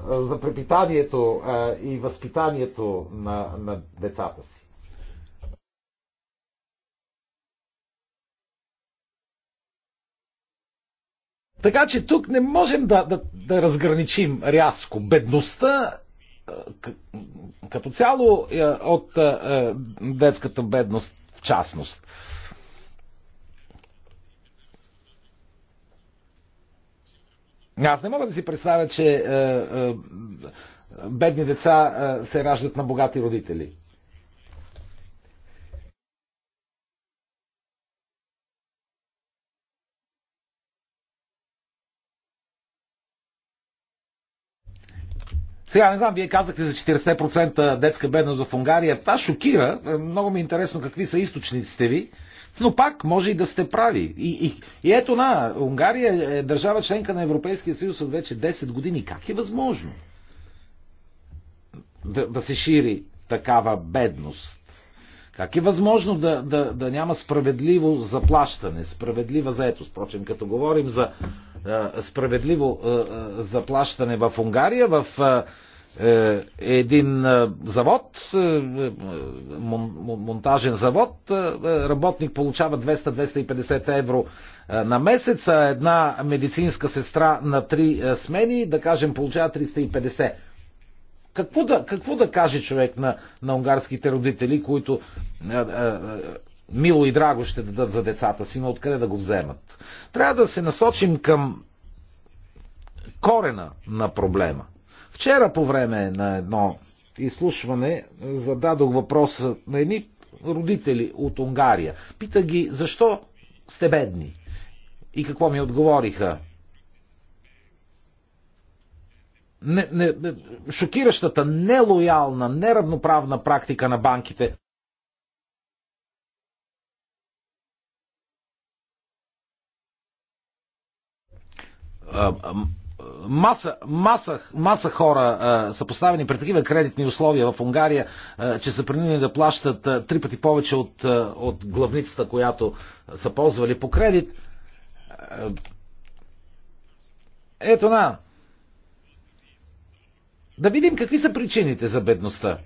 за препитанието и възпитанието на, на децата си. Така че тук не можем да, да, да разграничим рязко бедността като цяло от детската бедност в частност. Ами аз не мога да си представя, че е, е, бедни деца е, се раждат на богати родители. Сега не знам, вие казахте за 40% детска бедност в Унгария. Това шокира. Е, много ми е интересно какви са източниците ви. Но пак може и да сте прави. И, и, и ето на, Унгария е държава членка на Европейския съюз от вече 10 години. Как е възможно да, да се шири такава бедност? Как е възможно да, да, да няма справедливо заплащане, справедлива заетост? Впрочем, като говорим за е, справедливо е, заплащане в Унгария, в. Е, е, един е, завод, е, монтажен завод, работник получава 200-250 евро на месец, а една медицинска сестра на три смени, да кажем, получава 350. Какво да, какво да каже човек на, на унгарските родители, които мило и драго ще дадат за децата си, но откъде да го вземат? Трябва да се насочим към корена на проблема – Вчера по време на едно изслушване зададох въпроса на едни родители от Унгария. Пита ги, защо сте бедни? И какво ми отговориха? Не, не, шокиращата, нелоялна, неравноправна практика на банките маса, маса, маса хора а, са поставени при такива кредитни условия в Унгария, а, че са принудени да плащат а, три пъти повече от, а, от главницата, която са ползвали по кредит. А, ето на. Да видим какви са причините за бедността.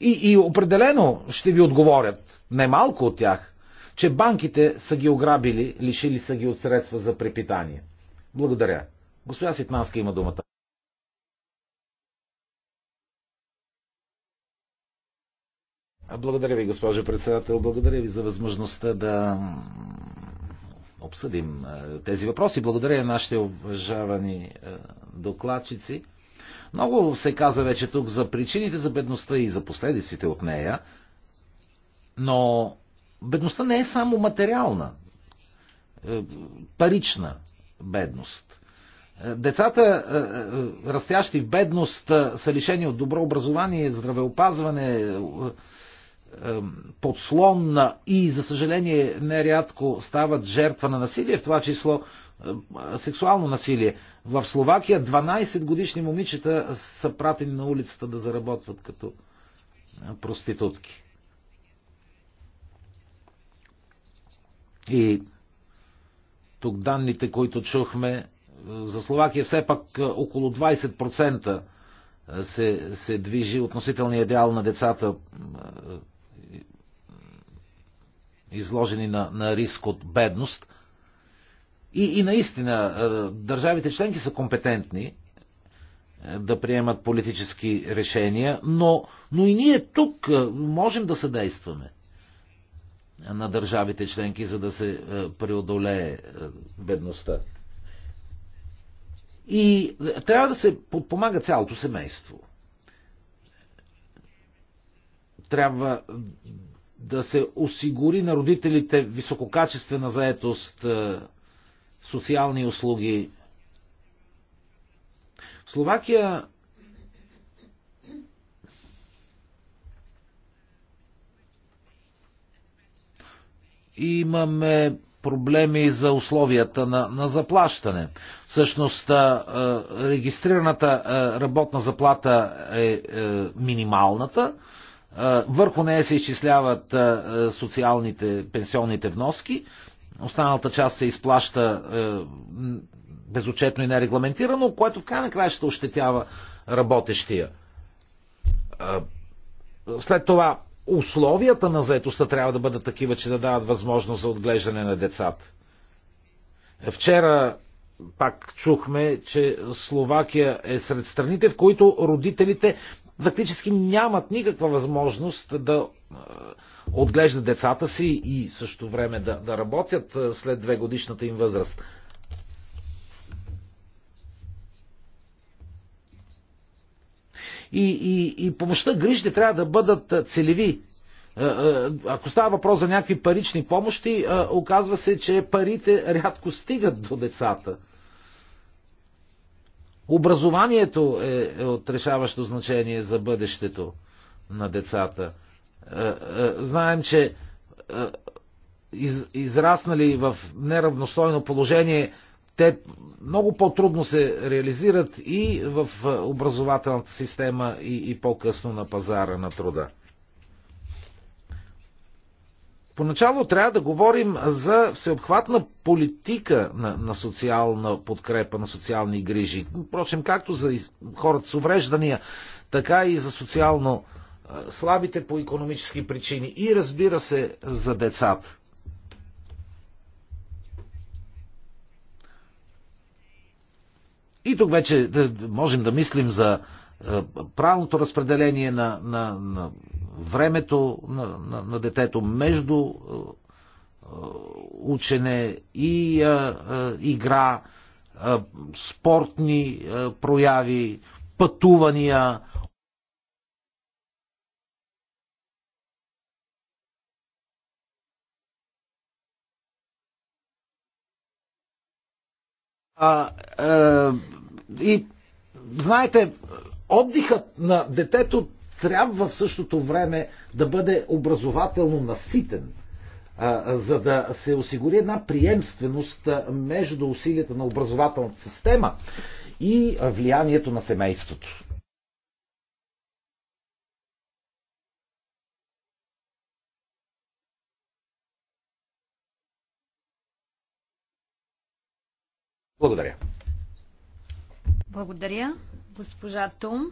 И, и определено ще ви отговорят, немалко от тях, че банките са ги ограбили, лишили са ги от средства за препитание. Благодаря. Госпожа Ситманска има думата. Благодаря ви, госпожо председател. Благодаря ви за възможността да обсъдим е, тези въпроси. Благодаря на нашите уважавани е, докладчици. Много се каза вече тук за причините за бедността и за последиците от нея, но бедността не е само материална, е, парична, бедност. Е, децата, е, е, растящи в бедност, са лишени от добро образование, здравеопазване, подслон и, за съжаление, нерядко стават жертва на насилие, в това число сексуално насилие. В Словакия 12 годишни момичета са пратени на улицата да заработват като проститутки. И тук данните, които чухме е, за Словакия, все пак е, около 20% е, се, се движи относителният дял на децата изложени на, на риск от бедност. И, и наистина, държавите членки са компетентни да приемат политически решения, но, но и ние тук можем да съдействаме на държавите членки, за да се е, преодолее е, бедността. И е, трябва да се подпомага цялото семейство. Трябва да се осигури на родителите висококачествена заетост, социални услуги. В Словакия имаме проблеми за условията на, на заплащане. Всъщност, регистрираната работна заплата е, е минималната, върху нея се изчисляват социалните пенсионните вноски, останалата част се изплаща безочетно и нерегламентирано, което в край края ще ощетява работещия. След това условията на заетостта трябва да бъдат такива, че да дават възможност за отглеждане на децата. Вчера пак чухме, че Словакия е сред страните, в които родителите фактически нямат никаква възможност да е, отглеждат децата си и също време да, да работят е, след две годишната им възраст. и, и, и помощта, грижите трябва да бъдат целеви. Ако става въпрос за някакви парични помощи, оказва се, че парите рядко стигат до децата. Образованието е, е от решаващо значение за бъдещето на децата. Знаем, че израснали в неравностойно положение те много по-трудно се реализират и в образователната система, и, и по-късно на пазара на труда. Поначало трябва да говорим за всеобхватна политика на, на социална подкрепа, на социални грижи. Впрочем, както за хората с увреждания, така и за социално слабите по економически причини и разбира се за децата. И тук вече е, можем да мислим за е, правилното разпределение на, на, на времето на, на, на детето между е, учене и а, а, игра, а, спортни а, прояви, пътувания, А, а, е, и знаете, отдихът на детето трябва в същото време да бъде образователно наситен, а, за да се осигури една приемственост между усилията на образователната система и влиянието на семейството. Благодаря. Благодаря, госпожа Тум.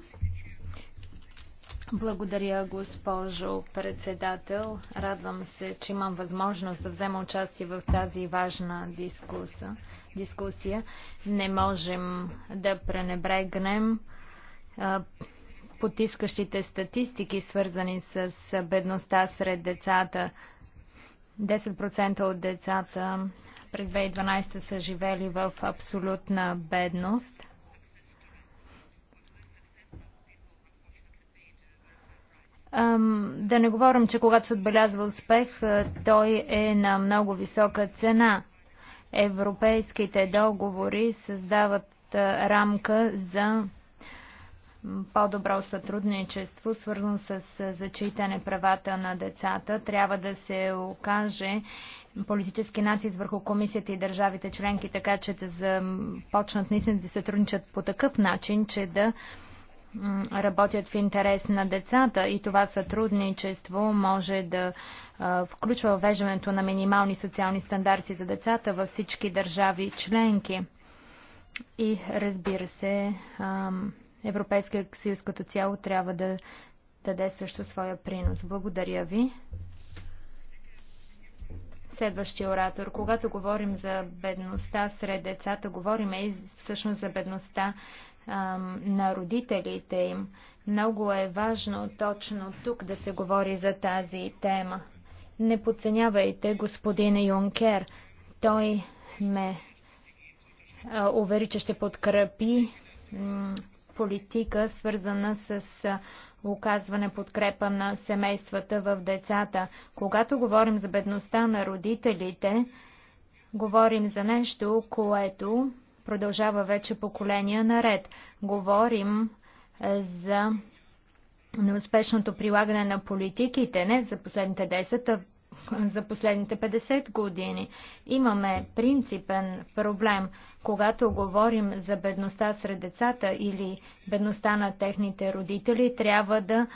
Благодаря, госпожо председател. Радвам се, че имам възможност да взема участие в тази важна дискуса, дискусия. Не можем да пренебрегнем а, потискащите статистики, свързани с бедността сред децата. 10% от децата през 2012 са живели в абсолютна бедност. Да не говорим, че когато се отбелязва успех, той е на много висока цена. Европейските договори създават рамка за по-добро сътрудничество, свързано с зачитане правата на децата, трябва да се окаже политически натиск върху комисията и държавите членки, така че да започнат наистина да сътрудничат по такъв начин, че да работят в интерес на децата и това сътрудничество може да включва въвеждането на минимални социални стандарти за децата във всички държави членки. И разбира се, Европейския съюз като цяло трябва да даде също своя принос. Благодаря ви. Следващия оратор. Когато говорим за бедността сред децата, говорим и всъщност за бедността ам, на родителите им. Много е важно точно тук да се говори за тази тема. Не подценявайте господин Юнкер. Той ме а, увери, че ще подкрепи политика, свързана с а, оказване подкрепа на семействата в децата. Когато говорим за бедността на родителите, говорим за нещо, което продължава вече поколения наред. Говорим е, за неуспешното прилагане на политиките не за последните 10, а за последните 50 години. Имаме принципен проблем, когато говорим за бедността сред децата или бедността на техните родители, трябва да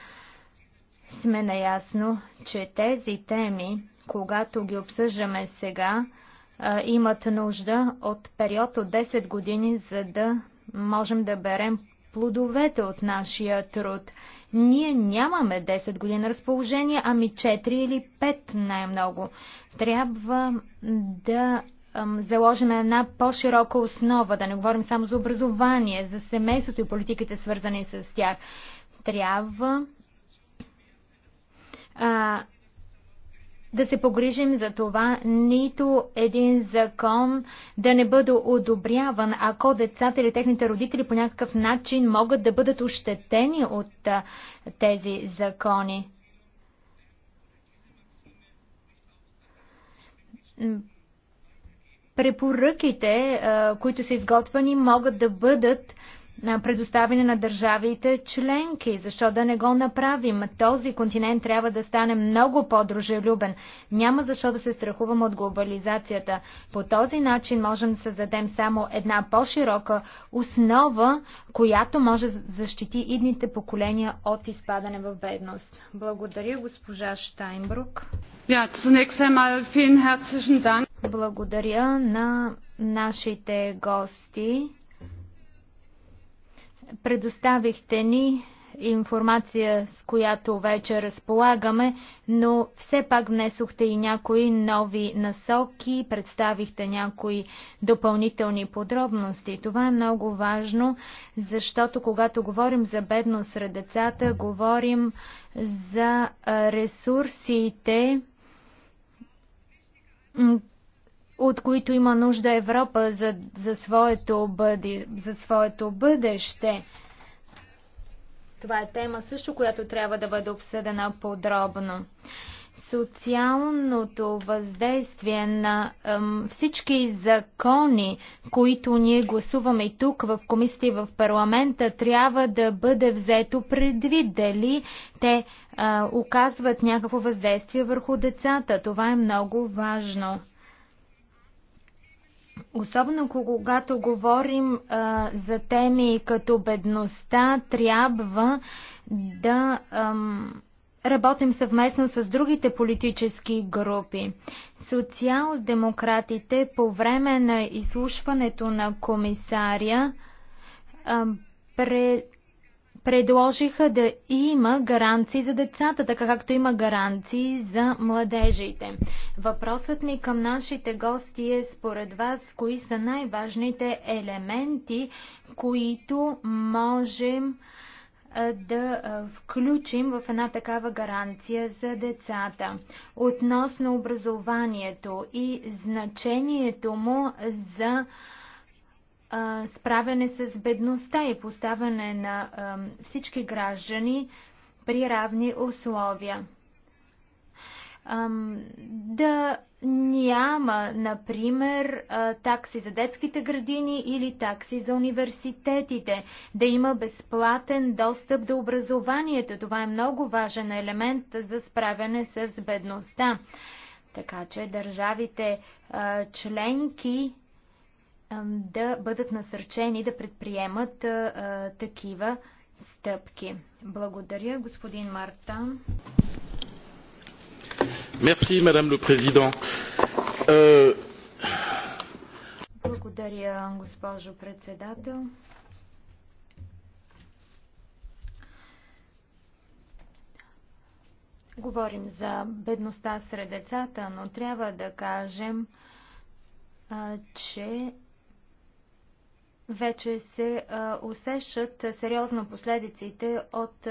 сме наясно, че тези теми, когато ги обсъждаме сега, имат нужда от период от 10 години, за да можем да берем плодовете от нашия труд. Ние нямаме 10 години разположение, ами 4 или 5 най-много. Трябва да заложим една по-широка основа, да не говорим само за образование, за семейството и политиките свързани с тях. Трябва а, да се погрижим за това нито един закон да не бъде одобряван, ако децата или техните родители по някакъв начин могат да бъдат ощетени от тези закони. Препоръките, които са изготвени, могат да бъдат предоставяне на държавите членки. Защо да не го направим? Този континент трябва да стане много по-дружелюбен. Няма защо да се страхувам от глобализацията. По този начин можем да създадем само една по-широка основа, която може да защити идните поколения от изпадане в бедност. Благодаря, госпожа Штайнбрук. Благодаря на нашите гости. Предоставихте ни информация, с която вече разполагаме, но все пак внесохте и някои нови насоки, представихте някои допълнителни подробности. Това е много важно, защото когато говорим за бедност сред децата, говорим за ресурсите, от които има нужда Европа за, за, своето, бъде, за своето бъдеще. Това е тема също, която трябва да бъде обсъдена подробно. Социалното въздействие на ем, всички закони, които ние гласуваме и тук в комисията и в парламента, трябва да бъде взето предвид дали те е, оказват някакво въздействие върху децата. Това е много важно. Особено когато говорим а, за теми като бедността, трябва да ам, работим съвместно с другите политически групи. Социал-демократите по време на изслушването на комисаря а, пре, предложиха да има гаранции за децата, така както има гаранции за младежите. Въпросът ми към нашите гости е според вас, кои са най-важните елементи, които можем да включим в една такава гаранция за децата. Относно образованието и значението му за справяне с бедността и поставяне на всички граждани при равни условия. Да няма, например, такси за детските градини или такси за университетите, да има безплатен достъп до образованието. Това е много важен елемент за справяне с бедността. Така че държавите членки да бъдат насърчени да предприемат такива стъпки. Благодаря, господин Мартан. Merci, madame le président. Euh, Благодаря, госпожо председател. Говорим за бедността сред децата, но трябва да кажем, че вече се усещат сериозно последиците от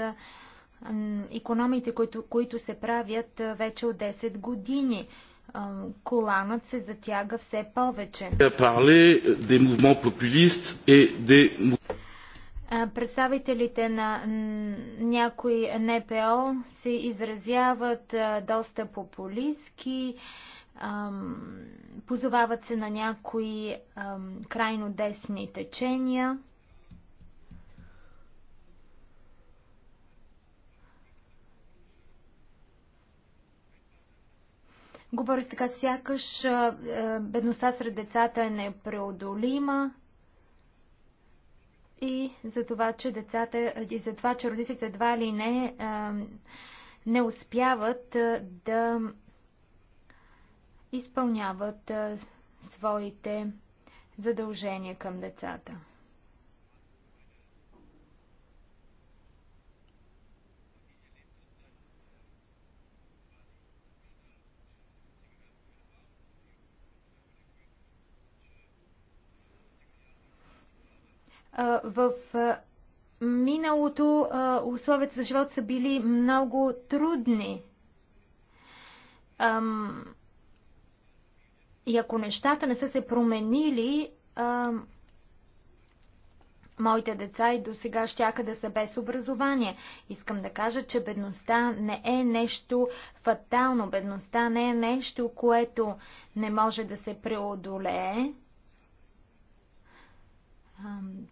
економите, които, които се правят вече от 10 години. Коланът се затяга все повече. Е, представителите на някои НПО се изразяват доста популистски Ам, позовават се на някои ам, крайно десни течения. Говори се така, сякаш а, а, бедността сред децата е непреодолима и за това, че децата, и за това, че родителите едва ли не а, не успяват да изпълняват своите задължения към децата. в миналото условията за живот са били много трудни. И ако нещата не са се променили, а, моите деца и до сега щяха да са без образование. Искам да кажа, че бедността не е нещо фатално. Бедността не е нещо, което не може да се преодолее.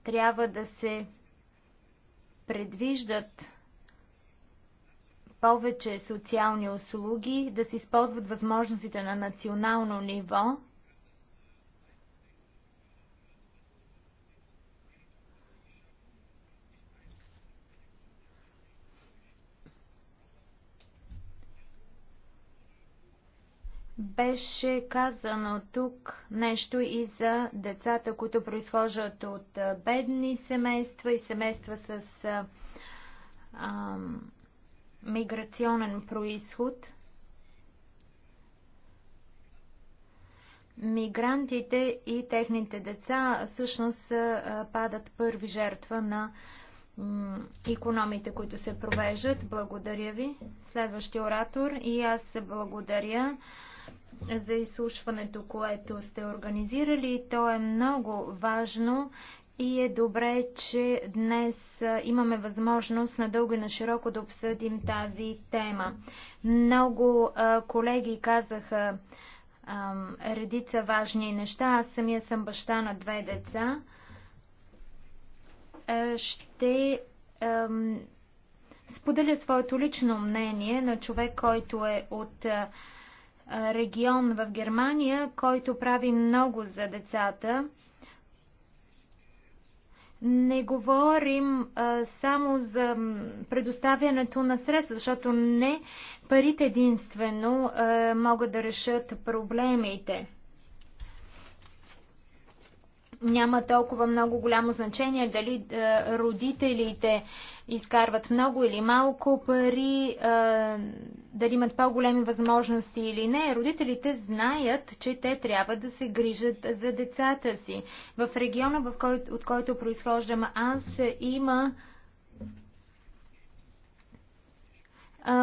Трябва да се предвиждат повече социални услуги, да се използват възможностите на национално ниво, Беше казано тук нещо и за децата, които произхождат от бедни семейства и семейства с миграционен происход. Мигрантите и техните деца всъщност падат първи жертва на икономите, които се провеждат. Благодаря ви. Следващия оратор и аз се благодаря за изслушването, което сте организирали. То е много важно и е добре, че днес имаме възможност надълго и на широко да обсъдим тази тема. Много колеги казаха редица важни неща. Аз самия съм баща на две деца. Ще споделя своето лично мнение на човек, който е от регион в Германия, който прави много за децата не говорим а, само за предоставянето на средства, защото не парите единствено а, могат да решат проблемите няма толкова много голямо значение дали е, родителите изкарват много или малко пари, е, дали имат по-големи възможности или не. Родителите знаят, че те трябва да се грижат за децата си. В региона, в от който произхождам аз, има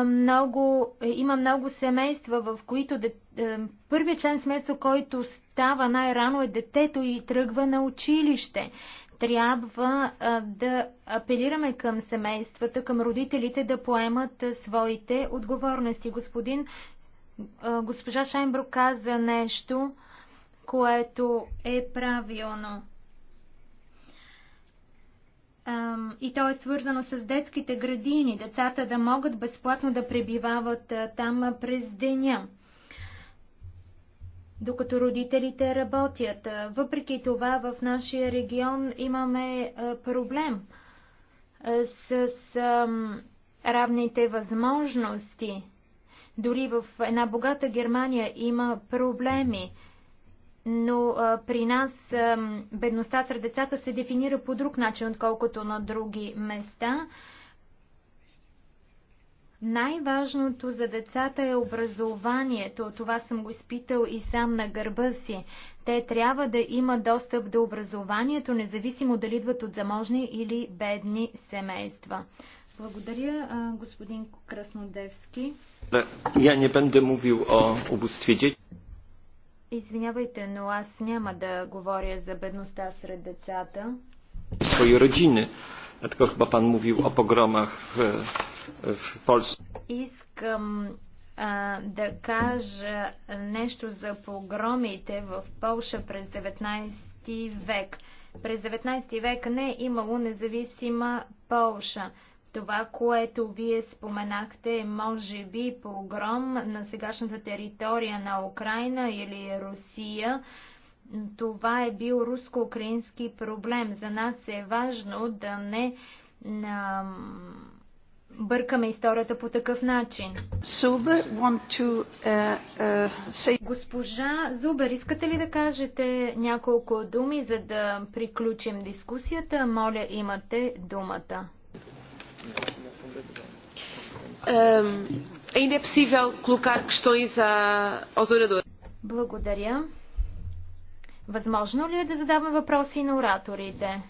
много, е, има много семейства, в които де, е, първият член семейство, който става най-рано е детето и тръгва на училище. Трябва а, да апелираме към семействата, към родителите да поемат а, своите отговорности. Господин, а, госпожа Шайнбро каза нещо, което е правилно и то е свързано с детските градини, децата да могат безплатно да пребивават там през деня, докато родителите работят. Въпреки това в нашия регион имаме проблем с равните възможности. Дори в една богата Германия има проблеми но а, при нас а, бедността сред децата се дефинира по друг начин, отколкото на други места. Най-важното за децата е образованието. Това съм го изпитал и сам на гърба си. Те трябва да имат достъп до образованието, независимо дали идват от заможни или бедни семейства. Благодаря, господин Краснодевски. Я не бъде мовил о обуствие Извинявайте, но аз няма да говоря за бедността сред децата. Свои родини. Tylko chyba пан mówił о погромах в, w Искам а, да кажа нещо за погромите в Полша през 19 век. През 19 век не е имало независима Полша. Това, което вие споменахте, е може би погром на сегашната територия на Украина или Русия. Това е бил руско-украински проблем. За нас е важно да не на... бъркаме историята по такъв начин. Zuber, to, uh, uh, say... Госпожа Зубер, искате ли да кажете няколко думи, за да приключим дискусията? Моля, имате думата ainda é possível colocar questões aos oradores. Благодаря. Възможно ли е да задаваме въпроси на ораторите?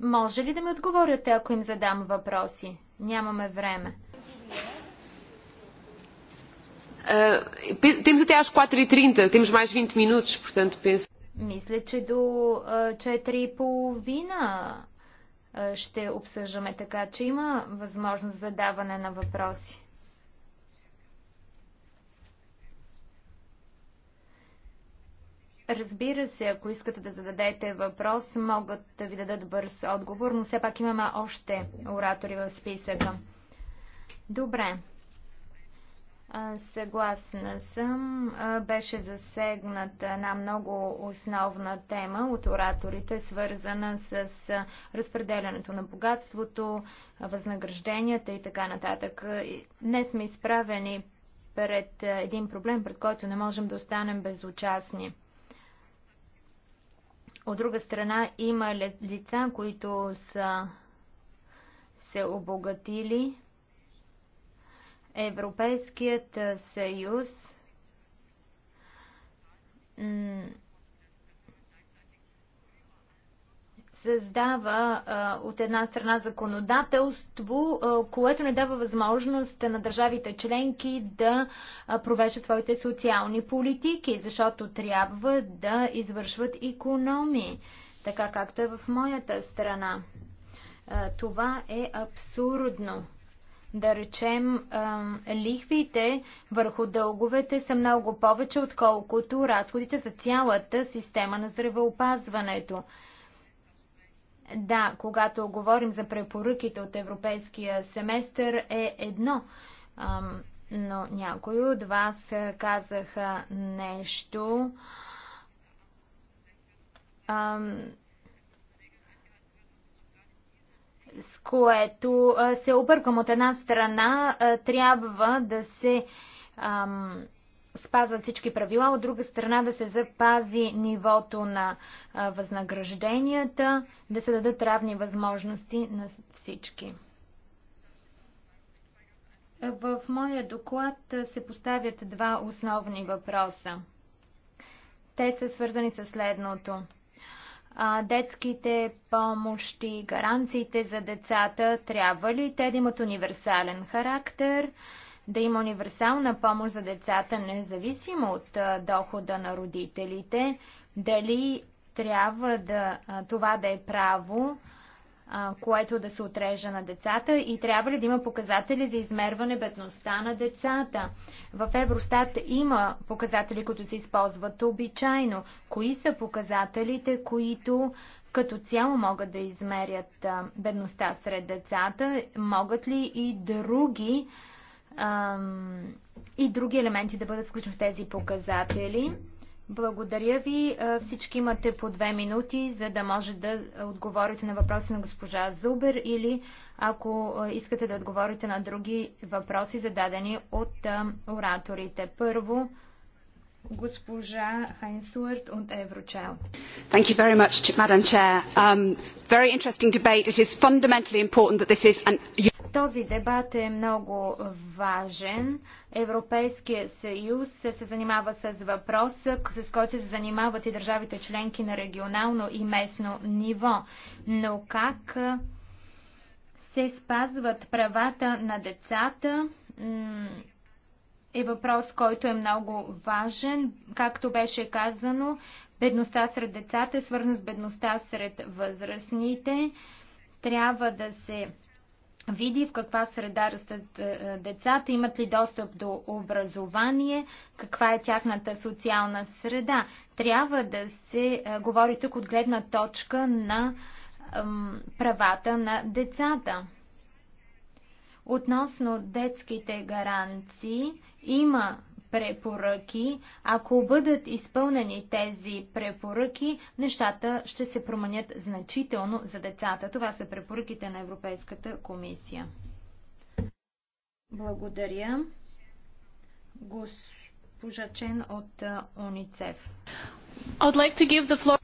Може ли да ми отговорите, ако им задам въпроси? Нямаме време. Uh, temos até às 4h30, e temos mais 20 minutos, portanto penso. Мисля, че до 4.30 ще обсъждаме, така че има възможност за даване на въпроси. Разбира се, ако искате да зададете въпрос, могат да ви дадат бърз отговор, но все пак имаме още оратори в списъка. Добре. Съгласна съм. Беше засегната една много основна тема от ораторите, свързана с разпределянето на богатството, възнагражденията и така нататък. Днес сме изправени пред един проблем, пред който не можем да останем безучастни. От друга страна има лица, които са се обогатили Европейският съюз създава от една страна законодателство, което не дава възможност на държавите членки да провеждат своите социални политики, защото трябва да извършват економии, така както е в моята страна. това е абсурдно. Да речем, лихвите върху дълговете са много повече, отколкото разходите за цялата система на здравеопазването. Да, когато говорим за препоръките от европейския семестър е едно, но някои от вас казаха нещо с което се объркам, От една страна трябва да се ам, спазват всички правила, от друга страна да се запази нивото на възнагражденията, да се дадат равни възможности на всички. В моя доклад се поставят два основни въпроса. Те са свързани с следното детските помощи, гаранциите за децата, трябва ли те да имат универсален характер, да има универсална помощ за децата, независимо от дохода на родителите, дали трябва да, това да е право което да се отрежа на децата и трябва ли да има показатели за измерване бедността на децата. В Евростат има показатели, които се използват обичайно. Кои са показателите, които като цяло могат да измерят бедността сред децата? Могат ли и други и други елементи да бъдат включени в тези показатели? Благодаря ви. Всички имате по две минути, за да може да отговорите на въпроси на госпожа Зубер или ако искате да отговорите на други въпроси, зададени от ораторите. Първо, госпожа Хайнсуърт от Еврочел. Thank you very much, Madam Chair. Um, very interesting debate. It is fundamentally important that this is an този дебат е много важен. Европейския съюз се занимава с въпрос, с който се занимават и държавите членки на регионално и местно ниво. Но как се спазват правата на децата е въпрос, който е много важен. Както беше казано, бедността сред децата е свързана с бедността сред възрастните. Трябва да се види в каква среда растат е, децата, имат ли достъп до образование, каква е тяхната социална среда. Трябва да се е, говори тук от гледна точка на правата на децата. Относно детските гаранции, има препоръки. Ако бъдат изпълнени тези препоръки, нещата ще се променят значително за децата. Това са препоръките на Европейската комисия. Благодаря. Госпожа Чен от УНИЦЕФ. I like to give the floor...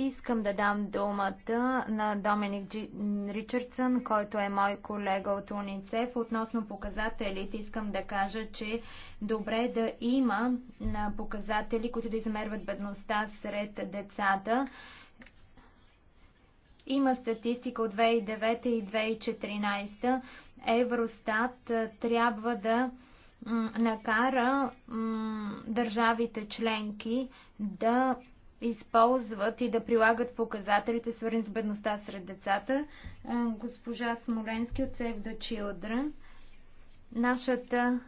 Искам да дам думата на Доменик Джи... Ричардсън, който е мой колега от УНИЦЕФ. Относно показателите, искам да кажа, че добре е да има показатели, които да измерват бедността сред децата. Има статистика от 2009 и 2014. Евростат трябва да накара държавите членки да използват и да прилагат показателите, свързани с бедността сред децата. Госпожа Смоленски от Save the Children. Нашата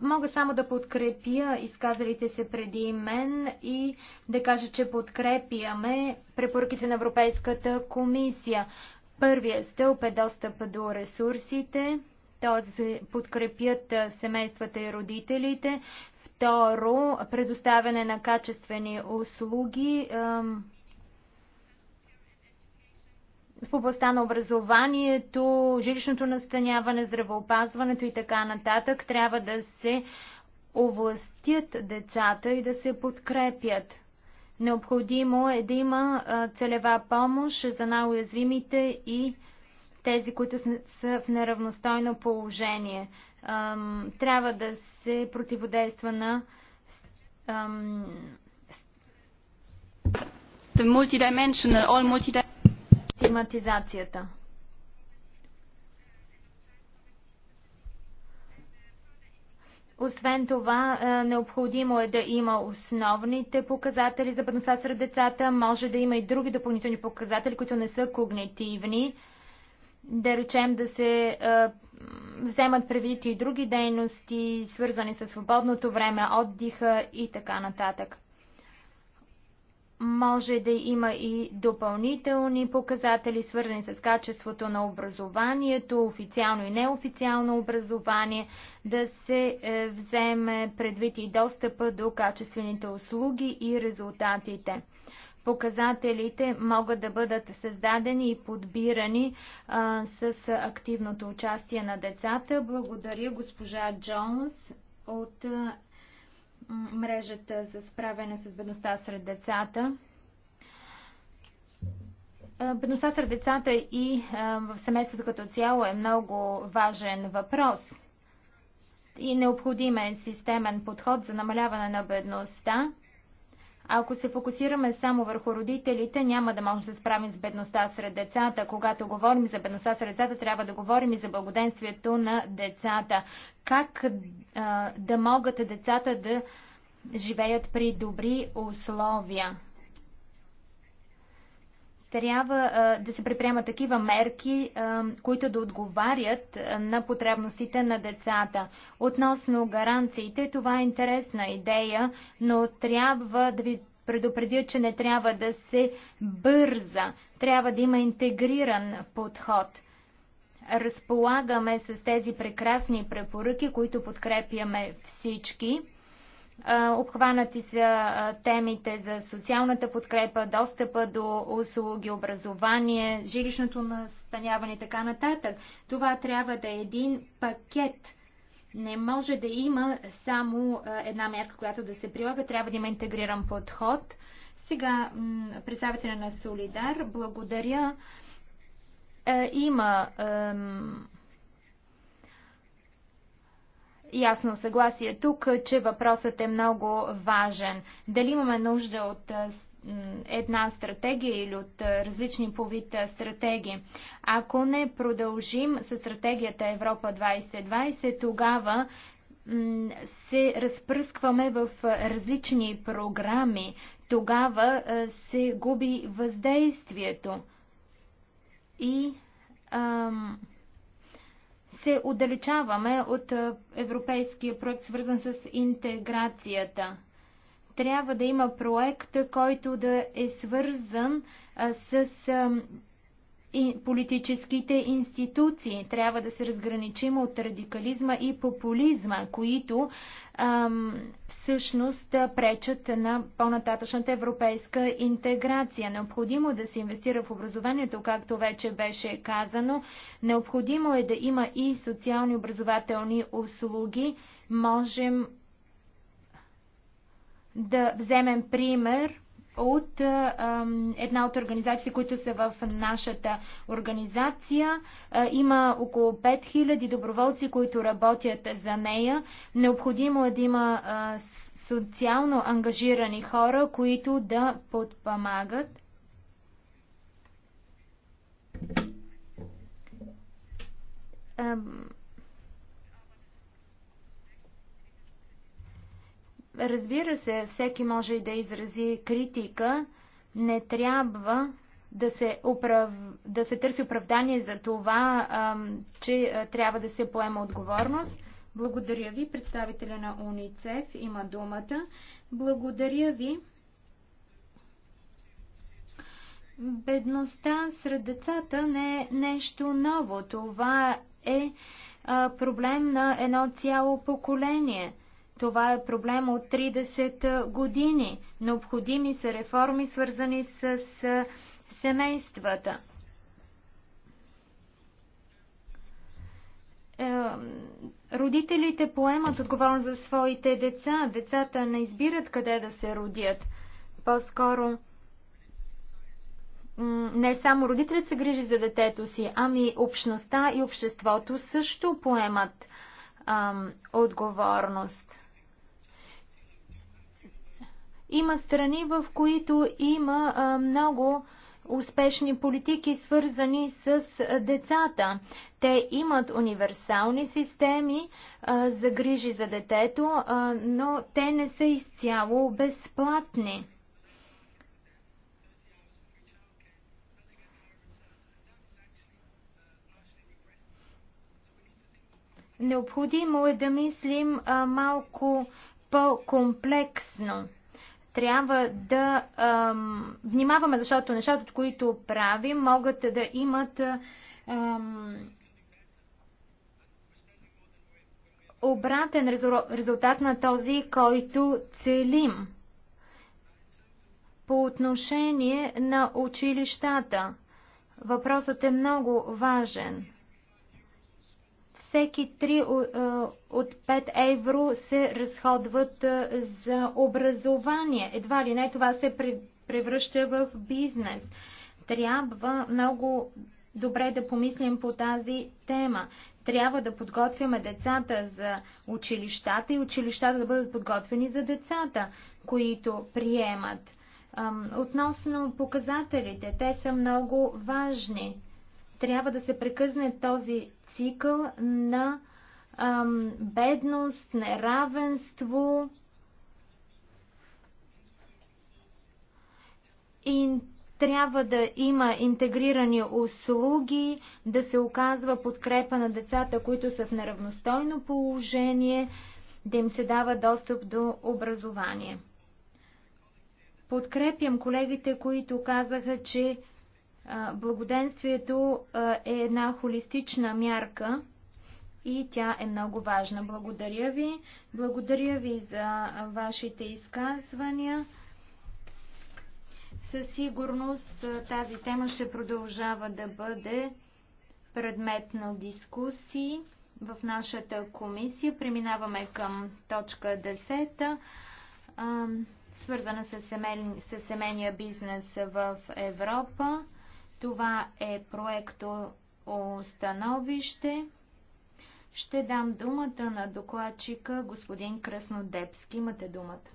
Мога само да подкрепя изказалите се преди мен и да кажа, че подкрепяме препоръките на Европейската комисия. Първият стълб е достъп до ресурсите, т.е. подкрепят семействата и родителите. Второ, предоставяне на качествени услуги в областта на образованието, жилищното настаняване, здравеопазването и така нататък. Трябва да се овластят децата и да се подкрепят. Необходимо е да има целева помощ за най-уязвимите и тези, които са в неравностойно положение трябва да се противодейства на стигматизацията. Освен това, необходимо е да има основните показатели за бедността сред децата. Може да има и други допълнителни показатели, които не са когнитивни да речем да се вземат предвид и други дейности, свързани с свободното време, отдиха и така нататък. Може да има и допълнителни показатели, свързани с качеството на образованието, официално и неофициално образование, да се е, вземе предвид и достъпа до качествените услуги и резултатите. Показателите могат да бъдат създадени и подбирани а, с активното участие на децата. Благодаря госпожа Джонс от а, мрежата за справяне с бедността сред децата. Бедността сред децата и в семейството като цяло е много важен въпрос. И необходим е системен подход за намаляване на бедността. Ако се фокусираме само върху родителите, няма да можем да се справим с бедността сред децата. Когато говорим за бедността сред децата, трябва да говорим и за благоденствието на децата. Как а, да могат децата да живеят при добри условия? трябва а, да се предприемат такива мерки, а, които да отговарят а, на потребностите на децата. Относно гаранциите, това е интересна идея, но трябва да ви предупредя, че не трябва да се бърза. Трябва да има интегриран подход. Разполагаме с тези прекрасни препоръки, които подкрепяме всички. Обхванати са темите за социалната подкрепа, достъпа до услуги, образование, жилищното настаняване и така нататък. Това трябва да е един пакет. Не може да има само една мярка, която да се прилага. Трябва да има интегриран подход. Сега представителя на Солидар, благодаря. Е, има ясно съгласие тук, че въпросът е много важен. Дали имаме нужда от една стратегия или от различни по вид стратегии. Ако не продължим с стратегията Европа 2020, тогава се разпръскваме в различни програми. Тогава се губи въздействието. И ам, се отдалечаваме от европейския проект, свързан с интеграцията. Трябва да има проект, който да е свързан с политическите институции. Трябва да се разграничим от радикализма и популизма, които ам, всъщност пречат на по-нататъчната европейска интеграция. Необходимо е да се инвестира в образованието, както вече беше казано. Необходимо е да има и социални образователни услуги. Можем да вземем пример от една от организациите, които са в нашата организация. Има около 5000 доброволци, които работят за нея. Необходимо е да има социално ангажирани хора, които да подпомагат. Um Разбира се, всеки може и да изрази критика. Не трябва да се, оправ... да се търси оправдание за това, че трябва да се поема отговорност. Благодаря ви, представителя на УНИЦЕФ има думата. Благодаря ви. Бедността сред децата не е нещо ново. Това е проблем на едно цяло поколение – това е проблем от 30 години. Необходими са реформи, свързани с семействата. Е, родителите поемат отговорност за своите деца. Децата не избират къде да се родят. По-скоро не само родителят се грижи за детето си, ами общността и обществото също поемат ам, отговорност. Има страни, в които има много успешни политики, свързани с децата. Те имат универсални системи за грижи за детето, но те не са изцяло безплатни. Необходимо е да мислим а, малко по-комплексно трябва да ам, внимаваме, защото нещата, които правим, могат да имат ам, обратен резултат на този, който целим. По отношение на училищата, въпросът е много важен всеки 3 е, от 5 евро се разходват е, за образование. Едва ли не това се превръща в бизнес. Трябва много добре да помислим по тази тема. Трябва да подготвяме децата за училищата и училищата да бъдат подготвени за децата, които приемат. Относно показателите, те са много важни. Трябва да се прекъсне този цикъл на ам, бедност, неравенство. И трябва да има интегрирани услуги, да се оказва подкрепа на децата, които са в неравностойно положение, да им се дава достъп до образование. Подкрепям колегите, които казаха, че Благоденствието е една холистична мярка и тя е много важна. Благодаря ви. Благодаря ви за вашите изказвания. Със сигурност тази тема ще продължава да бъде предмет на дискусии в нашата комисия. Преминаваме към точка 10, свързана с, семейния бизнес в Европа. Това е проекто установище. Ще дам думата на докладчика господин Краснодепски. Имате думата.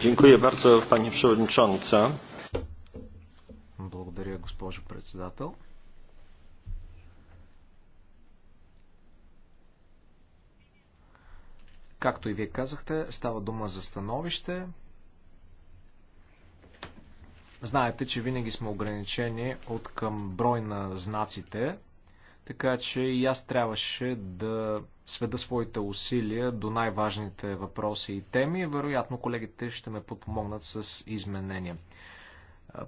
Dziękuję bardzo, пани przewodnicząca. Благодаря, госпожо председател. Както и вие казахте, става дума за становище, Знаете, че винаги сме ограничени от към брой на знаците, така че и аз трябваше да сведа своите усилия до най-важните въпроси и теми. Вероятно колегите ще ме подпомогнат с изменения.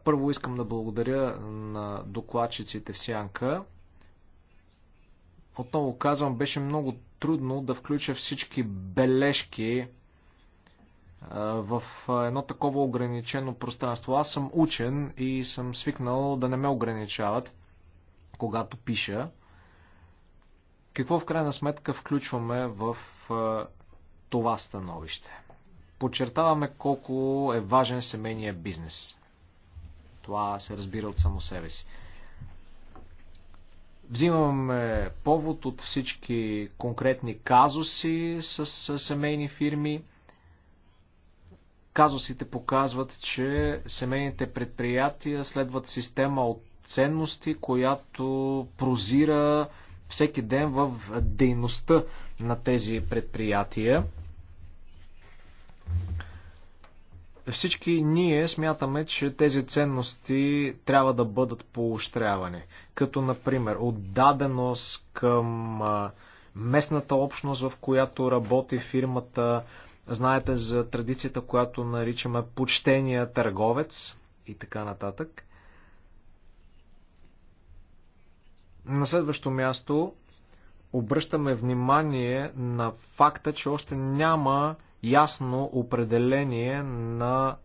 Първо искам да благодаря на докладчиците в Сянка. Отново казвам, беше много трудно да включа всички бележки в едно такова ограничено пространство. Аз съм учен и съм свикнал да не ме ограничават, когато пиша. Какво в крайна сметка включваме в това становище? Подчертаваме колко е важен семейния бизнес. Това се разбира от само себе си. Взимаме повод от всички конкретни казуси с семейни фирми Казусите показват, че семейните предприятия следват система от ценности, която прозира всеки ден в дейността на тези предприятия. Всички ние смятаме, че тези ценности трябва да бъдат поощрявани, като например отдаденост към местната общност, в която работи фирмата, Знаете за традицията, която наричаме почтения търговец и така нататък. На следващо място обръщаме внимание на факта, че още няма ясно определение на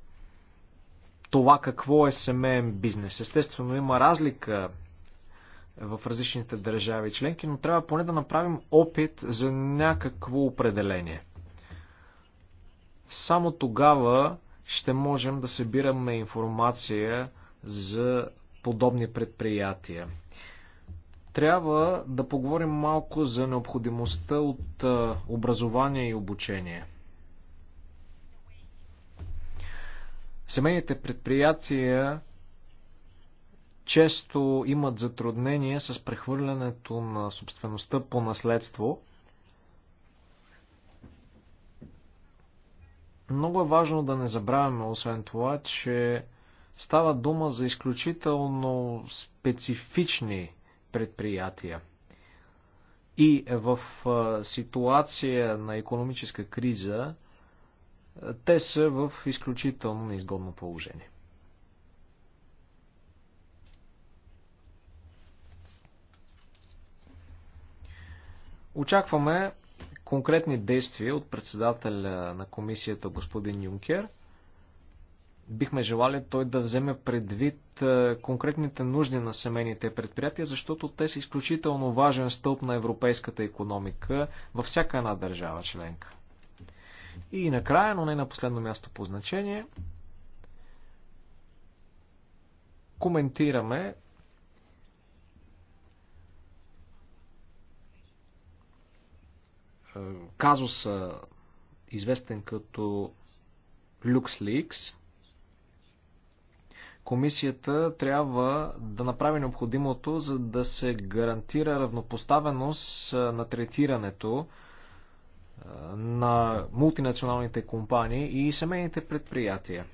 това какво е семейен бизнес. Естествено има разлика в различните държави членки, но трябва поне да направим опит за някакво определение. Само тогава ще можем да събираме информация за подобни предприятия. Трябва да поговорим малко за необходимостта от образование и обучение. Семейните предприятия често имат затруднения с прехвърлянето на собствеността по наследство. Много е важно да не забравяме, освен това, че става дума за изключително специфични предприятия. И в ситуация на економическа криза, те са в изключително неизгодно положение. Очакваме конкретни действия от председателя на комисията господин Юнкер. Бихме желали той да вземе предвид е, конкретните нужди на семейните предприятия, защото те са изключително важен стълб на европейската економика във всяка една държава членка. И накрая, но не на последно място по значение, коментираме Е, казуса, е, известен като LuxLeaks, комисията трябва да направи необходимото, за да се гарантира равнопоставеност е, на третирането на мултинационалните компании и семейните предприятия.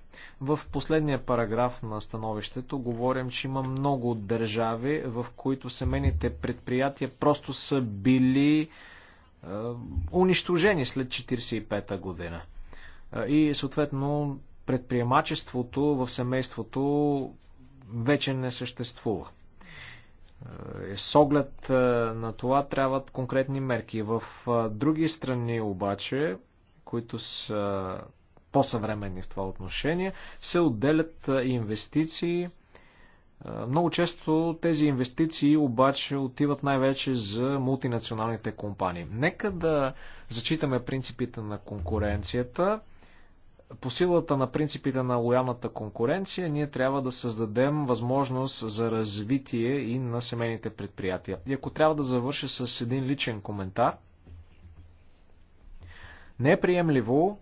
В последния параграф на становището говорим, че има много държави, в които семейните предприятия просто са били е, унищожени след 1945 година. Е, и съответно предприемачеството в семейството вече не съществува. Е, с оглед на това трябват конкретни мерки. В други страни обаче, които са по-съвременни в това отношение, се отделят инвестиции е, много често тези инвестиции обаче отиват най-вече за мултинационалните компании. Нека да зачитаме принципите на конкуренцията. По силата на принципите на лоялната конкуренция, ние трябва да създадем възможност за развитие и на семейните предприятия. И ако трябва да завърша с един личен коментар, не е приемливо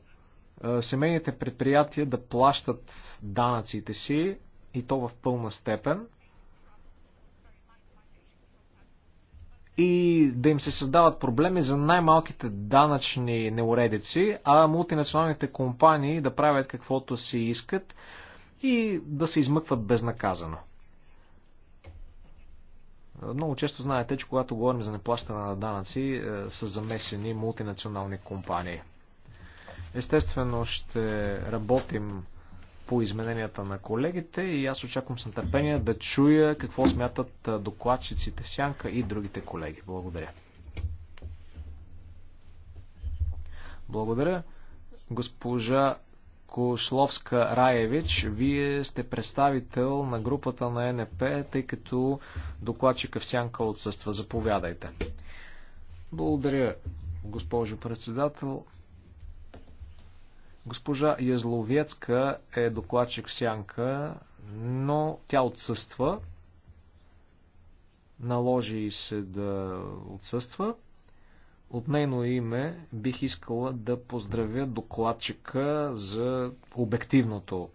е, семейните предприятия да плащат данъците си, и то в пълна степен. и да им се създават проблеми за най-малките данъчни неуредици, а мултинационалните компании да правят каквото си искат и да се измъкват безнаказано. Много често знаете, че когато говорим за неплащане на данъци, е, са замесени мултинационални компании. Естествено ще работим по измененията на колегите и аз очаквам с нетърпение да чуя какво смятат докладчиците в Сянка и другите колеги. Благодаря. Благодаря. Госпожа Кошловска Раевич, вие сте представител на групата на НП, тъй като докладчика в Сянка отсъства. Заповядайте. Благодаря, госпожо председател. Госпожа Язловецка е докладчик в сянка, но тя отсъства. Наложи се да отсъства. От нейно име бих искала да поздравя докладчика за обективното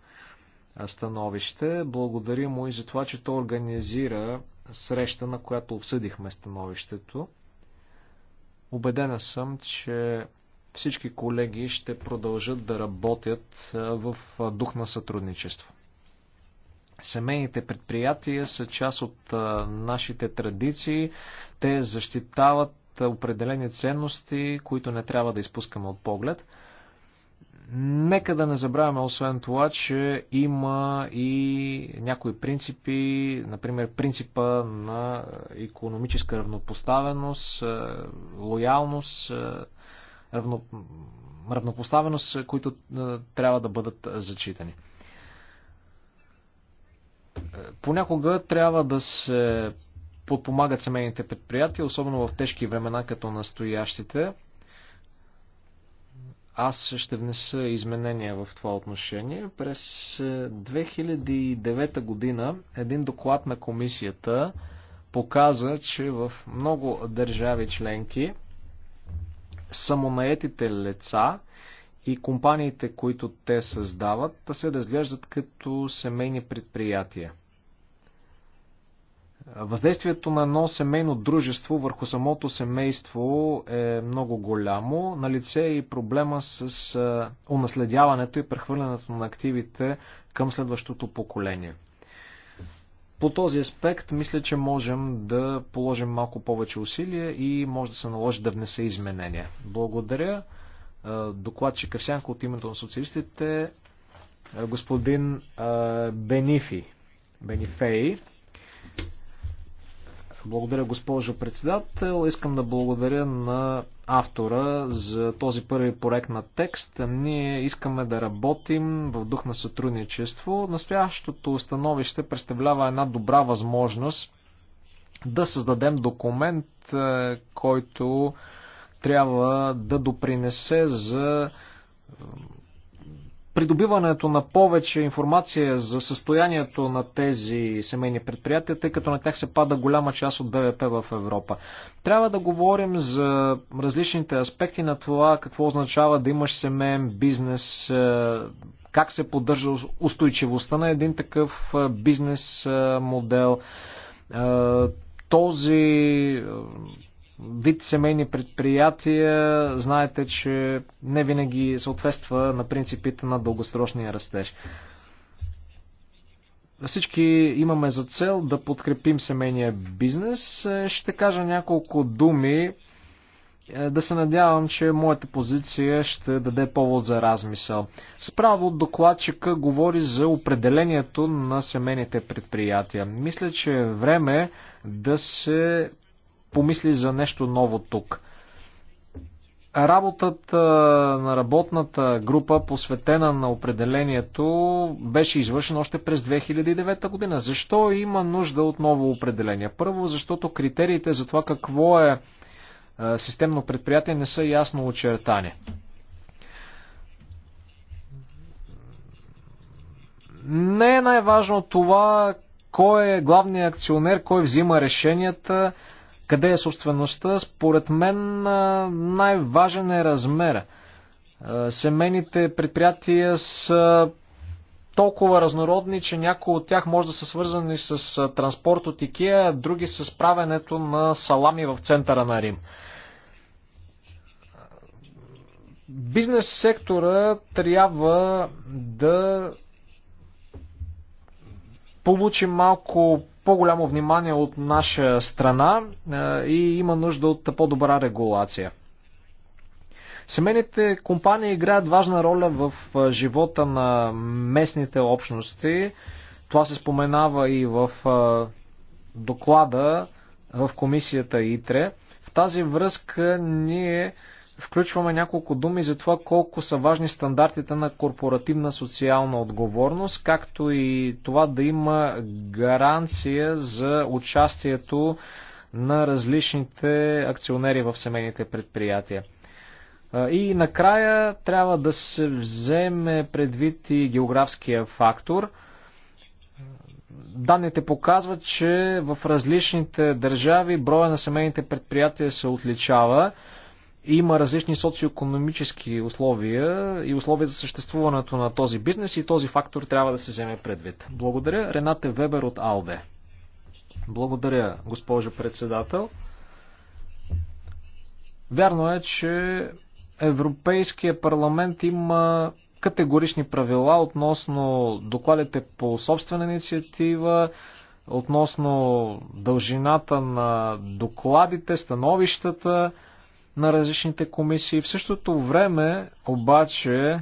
становище. Благодаря му и за това, че то организира среща, на която обсъдихме становището. Обедена съм, че всички колеги ще продължат да работят в дух на сътрудничество. Семейните предприятия са част от нашите традиции. Те защитават определени ценности, които не трябва да изпускаме от поглед. Нека да не забравяме освен това, че има и някои принципи, например принципа на економическа равнопоставеност, лоялност равно, равнопоставеност, които е, трябва да бъдат е, зачитани. Е, понякога трябва да се подпомагат семейните предприятия, особено в тежки времена като настоящите. Аз ще внеса изменения в това отношение. През 2009 година един доклад на комисията показа, че в много държави членки самонаетите лица и компаниите, които те създават, да се разглеждат като семейни предприятия. Въздействието на едно семейно дружество върху самото семейство е много голямо. На лице е и проблема с е, унаследяването и прехвърлянето на активите към следващото поколение. По този аспект мисля, че можем да положим малко повече усилия и може да се наложи да внесе изменения. Благодаря. Докладчик Кавсянко от името на социалистите, господин Бенифи. Бенифей. Благодаря, госпожо председател. Искам да благодаря на автора за този първи проект на текст. Ние искаме да работим в дух на сътрудничество. Настоящото становище представлява една добра възможност да създадем документ, е, който трябва да допринесе за е, придобиването на повече информация за състоянието на тези семейни предприятия, тъй като на тях се пада голяма част от БВП в Европа. Трябва да говорим за различните аспекти на това, какво означава да имаш семейен бизнес, е, как се поддържа устойчивостта на един такъв е, бизнес е, модел, този вид семейни предприятия, знаете, че не винаги съответства на принципите на дългосрочния растеж. Всички имаме за цел да подкрепим семейния бизнес. Ще кажа няколко думи. Е, да се надявам, че моята позиция ще даде повод за размисъл. Справо докладчика говори за определението на семейните предприятия. Мисля, че е време да се помисли за нещо ново тук. Работата на работната група, посветена на определението, беше извършена още през 2009 година. Защо има нужда от ново определение? Първо, защото критериите за това какво е, е системно предприятие не са ясно очертани. Не е най-важно това кой е главният акционер, кой взима решенията. Къде е собствеността? Според мен най-важен е размера. Семейните предприятия са толкова разнородни, че някои от тях може да са свързани с транспорт от Икея, други с правенето на салами в центъра на Рим. Бизнес сектора трябва да получи малко по-голямо внимание от наша страна е, и има нужда от по-добра регулация. Семейните компании играят важна роля в е, живота на местните общности. Това се споменава и в е, доклада в комисията ИТРЕ. В тази връзка ние включваме няколко думи за това колко са важни стандартите на корпоративна социална отговорност, както и това да има гаранция за участието на различните акционери в семейните предприятия. И накрая трябва да се вземе предвид и географския фактор – Данните показват, че в различните държави броя на семейните предприятия се отличава има различни социоекономически условия и условия за съществуването на този бизнес и този фактор трябва да се вземе предвид. Благодаря. Рената Вебер от АЛДЕ. Благодаря, госпожо председател. Вярно е, че Европейския парламент има категорични правила относно докладите по собствена инициатива, относно дължината на докладите, становищата, на различните комисии. В същото време, обаче, е,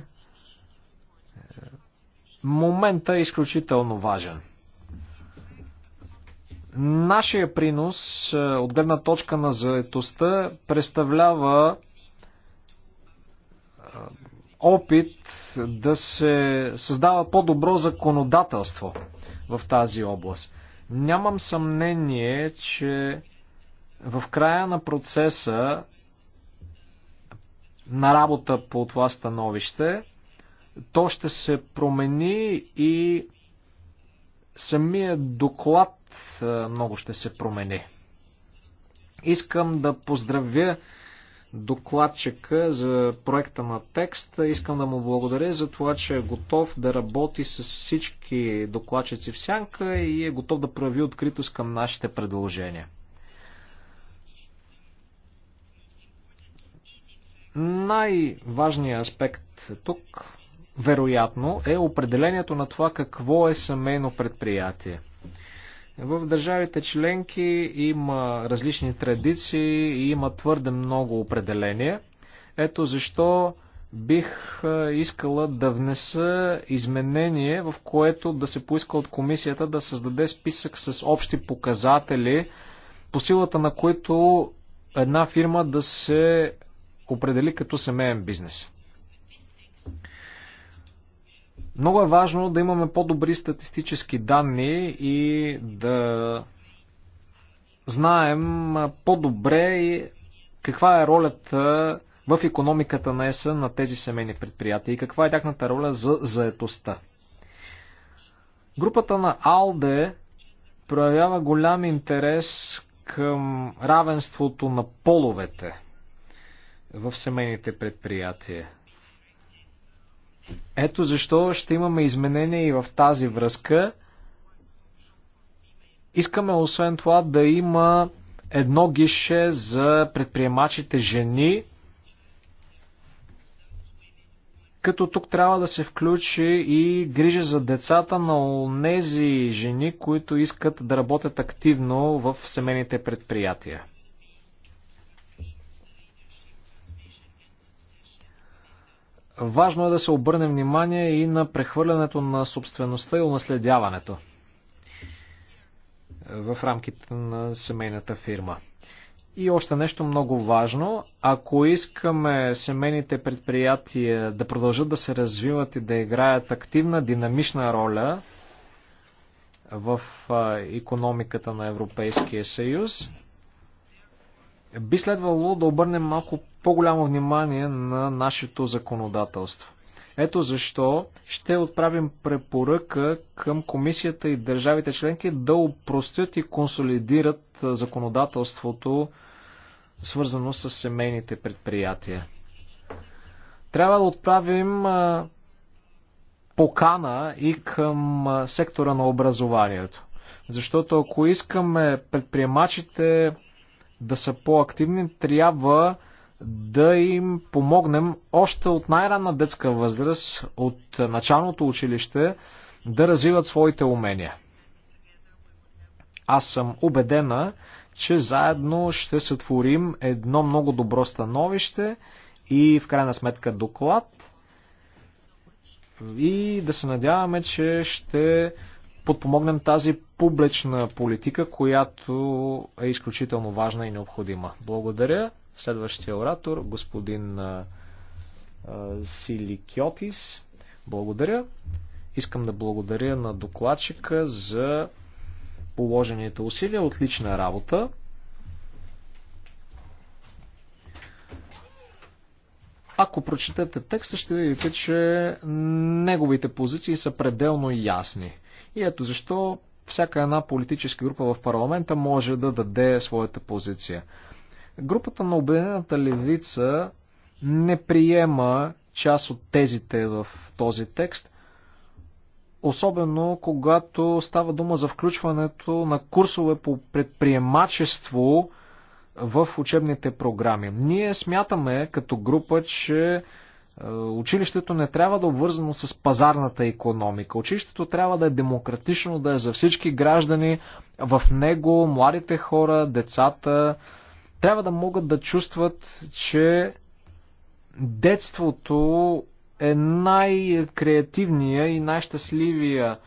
момента е изключително важен. Нашия принос е, от гледна точка на заетостта представлява е, опит да се създава по-добро законодателство в тази област. Нямам съмнение, че в края на процеса на работа по това становище. То ще се промени и самия доклад е, много ще се промени. Искам да поздравя докладчика за проекта на текста. Искам да му благодаря за това, че е готов да работи с всички докладчици в сянка и е готов да прояви откритост към нашите предложения. Най-важният аспект тук, вероятно, е определението на това какво е семейно предприятие. В държавите членки има различни традиции и има твърде много определения. Ето защо бих искала да внеса изменение, в което да се поиска от комисията да създаде списък с общи показатели, по силата на които една фирма да се определи като семейен бизнес. Много е важно да имаме по-добри статистически данни и да знаем по-добре каква е ролята в економиката на ЕСА на тези семейни предприятия и каква е тяхната роля за заетостта. Групата на АЛДЕ проявява голям интерес към равенството на половете в семейните предприятия. Ето защо ще имаме изменения и в тази връзка. Искаме освен това да има едно гише за предприемачите жени, като тук трябва да се включи и грижа за децата на тези жени, които искат да работят активно в семейните предприятия. Важно е да се обърне внимание и на прехвърлянето на собствеността и унаследяването в рамките на семейната фирма. И още нещо много важно. Ако искаме семейните предприятия да продължат да се развиват и да играят активна, динамична роля в економиката на Европейския съюз, би следвало да обърнем малко по-голямо внимание на нашето законодателство. Ето защо ще отправим препоръка към комисията и държавите членки да упростят и консолидират законодателството, свързано с семейните предприятия. Трябва да отправим покана и към сектора на образованието. Защото ако искаме предприемачите да са по-активни, трябва да им помогнем още от най-ранна детска възраст, от началното училище, да развиват своите умения. Аз съм убедена, че заедно ще сътворим едно много добро становище и в крайна сметка доклад и да се надяваме, че ще подпомогнем тази публична политика, която е изключително важна и необходима. Благодаря. Следващия оратор, господин Силикиотис. Благодаря. Искам да благодаря на докладчика за положените усилия. Отлична работа. Ако прочетете текста, ще видите, че неговите позиции са пределно ясни. И ето защо всяка една политическа група в парламента може да даде своята позиция. Групата на Обединената левица не приема част от тезите в този текст, особено когато става дума за включването на курсове по предприемачество в учебните програми. Ние смятаме като група, че е, училището не трябва да е обвързано с пазарната економика. Училището трябва да е демократично, да е за всички граждани. В него младите хора, децата, трябва да могат да чувстват, че детството е най-креативния и най-щастливия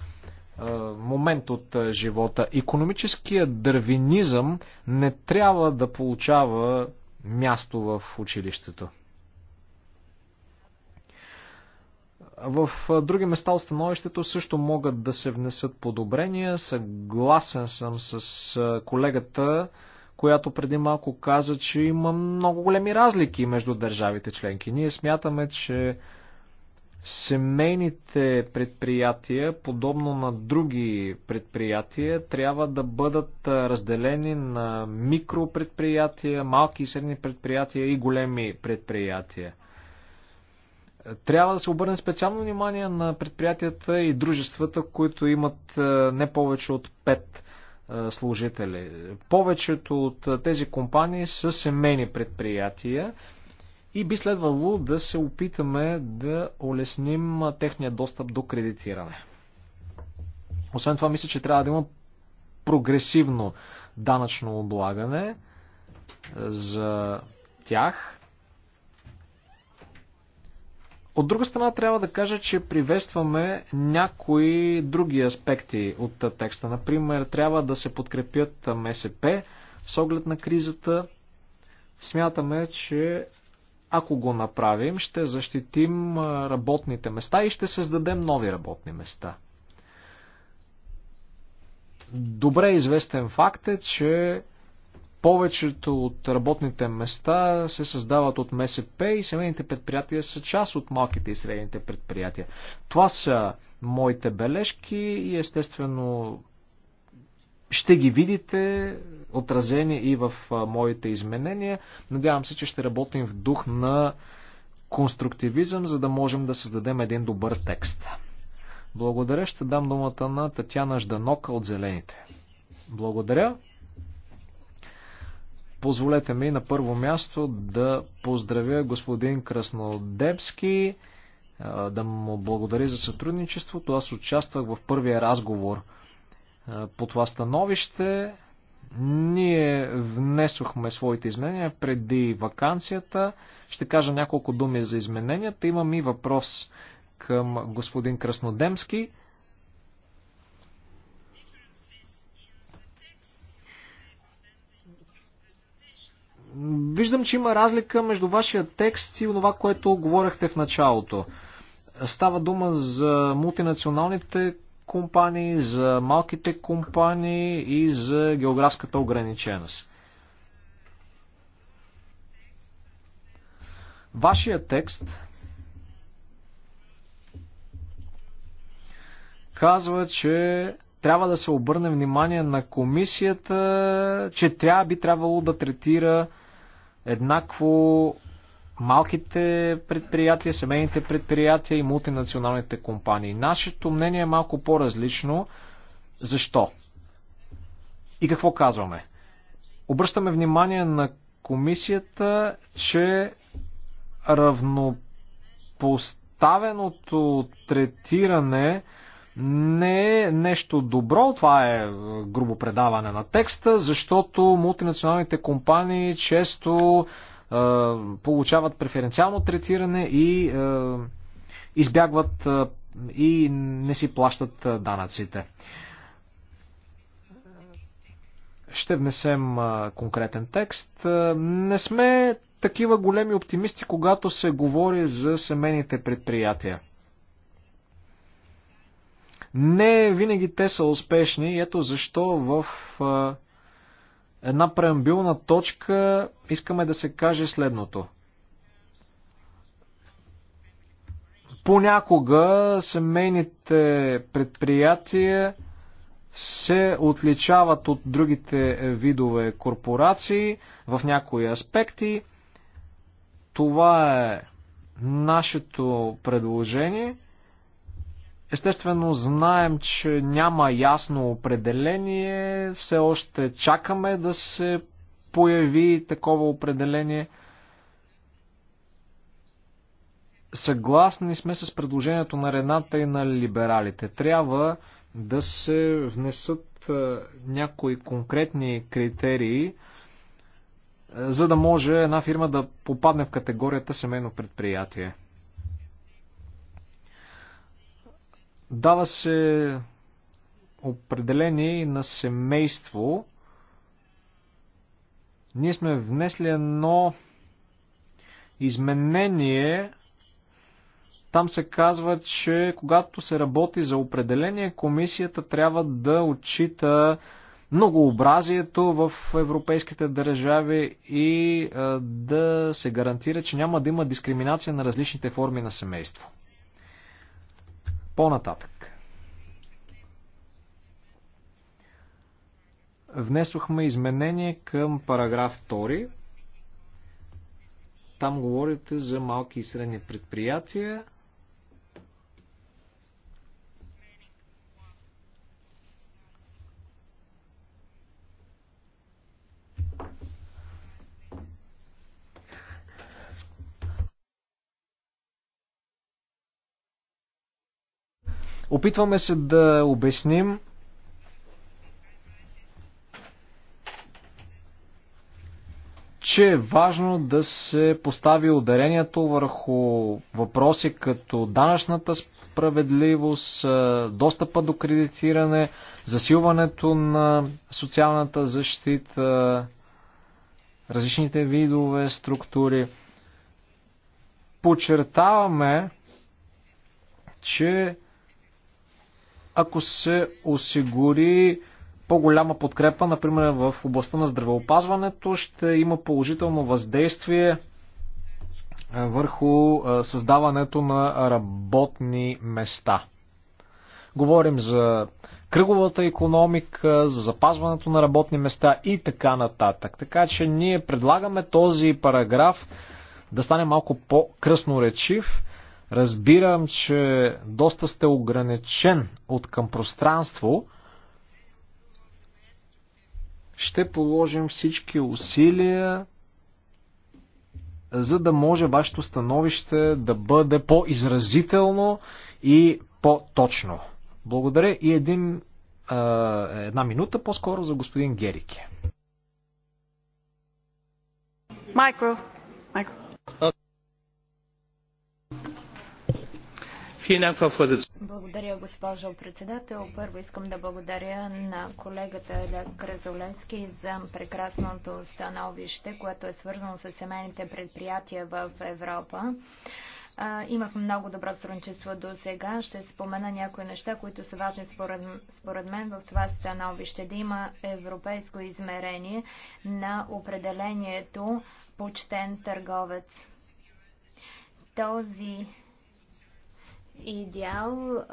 момент от живота. Економическия дървинизъм не трябва да получава място в училището. В други места от становището също могат да се внесат подобрения. Съгласен съм с колегата, която преди малко каза, че има много големи разлики между държавите членки. Ние смятаме, че семейните предприятия, подобно на други предприятия, трябва да бъдат разделени на микропредприятия, малки и средни предприятия и големи предприятия. Трябва да се обърне специално внимание на предприятията и дружествата, които имат не повече от 5 служители. Повечето от тези компании са семейни предприятия и би следвало да се опитаме да улесним техния достъп до кредитиране. Освен това, мисля, че трябва да има прогресивно данъчно облагане за тях. От друга страна трябва да кажа, че приветстваме някои други аспекти от текста. Например, трябва да се подкрепят МСП с оглед на кризата. Смятаме, че ако го направим, ще защитим работните места и ще създадем нови работни места. Добре известен факт е, че повечето от работните места се създават от МСП и семейните предприятия са част от малките и средните предприятия. Това са моите бележки и естествено ще ги видите отразени и в моите изменения. Надявам се, че ще работим в дух на конструктивизъм, за да можем да създадем един добър текст. Благодаря, ще дам думата на Татьяна Жданока от Зелените. Благодаря. Позволете ми на първо място да поздравя господин Краснодепски, да му благодаря за сътрудничеството. Аз участвах в първия разговор по това становище. Ние внесохме своите изменения преди вакансията. Ще кажа няколко думи за измененията. Имам и въпрос към господин Краснодемски. Виждам, че има разлика между вашия текст и това, което говорехте в началото. Става дума за мултинационалните компании, за малките компании и за географската ограниченост. Вашия текст казва, че трябва да се обърне внимание на комисията, че трябва би трябвало да третира еднакво малките предприятия, семейните предприятия и мултинационалните компании. Нашето мнение е малко по-различно. Защо? И какво казваме? Обръщаме внимание на комисията, че равнопоставеното третиране не е нещо добро, това е, е грубо предаване на текста, защото мултинационалните компании често е, получават преференциално третиране и е, избягват е, и не си плащат е, данъците. Ще внесем е, конкретен текст. Е, не сме такива големи оптимисти, когато се говори за семейните предприятия. Не винаги те са успешни. Ето защо в една преамбилна точка искаме да се каже следното. Понякога семейните предприятия се отличават от другите видове корпорации в някои аспекти. Това е нашето предложение. Естествено, знаем, че няма ясно определение, все още чакаме да се появи такова определение. Съгласни сме с предложението на Рената и на либералите. Трябва да се внесат някои конкретни критерии, за да може една фирма да попадне в категорията семейно предприятие. Дава се определение на семейство. Ние сме внесли едно изменение. Там се казва, че когато се работи за определение, комисията трябва да отчита многообразието в европейските държави и да се гарантира, че няма да има дискриминация на различните форми на семейство. По-нататък. Внесохме изменение към параграф 2. Там говорите за малки и средни предприятия. Опитваме се да обясним че е важно да се постави ударението върху въпроси като данъчната справедливост, достъпа до кредитиране, засилването на социалната защита, различните видове структури. Подчертаваме, че ако се осигури по-голяма подкрепа, например в областта на здравеопазването, ще има положително въздействие е, върху е, създаването на работни места. Говорим за кръговата економика, за запазването на работни места и така нататък. Така че ние предлагаме този параграф да стане малко по-кръсноречив, Разбирам, че доста сте ограничен от към пространство. Ще положим всички усилия, за да може вашето становище да бъде по-изразително и по-точно. Благодаря и един, една минута по-скоро за господин Герике. Майкро. Майкро. Благодаря, госпожо председател. Първо искам да благодаря на колегата Еля Кразоленски за прекрасното становище, което е свързано с семейните предприятия в Европа. Имахме много добро сътрудничество до сега. Ще спомена някои неща, които са важни според, според мен в това становище. Да има европейско измерение на определението почтен търговец. Този идеал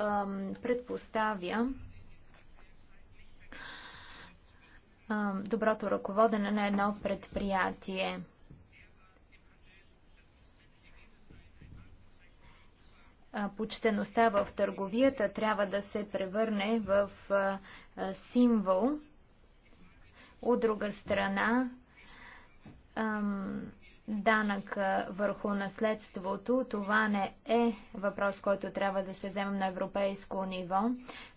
предпоставя доброто ръководене на едно предприятие. Почтеността в търговията трябва да се превърне в символ. От друга страна, данък върху наследството. Това не е въпрос, който трябва да се вземем на европейско ниво.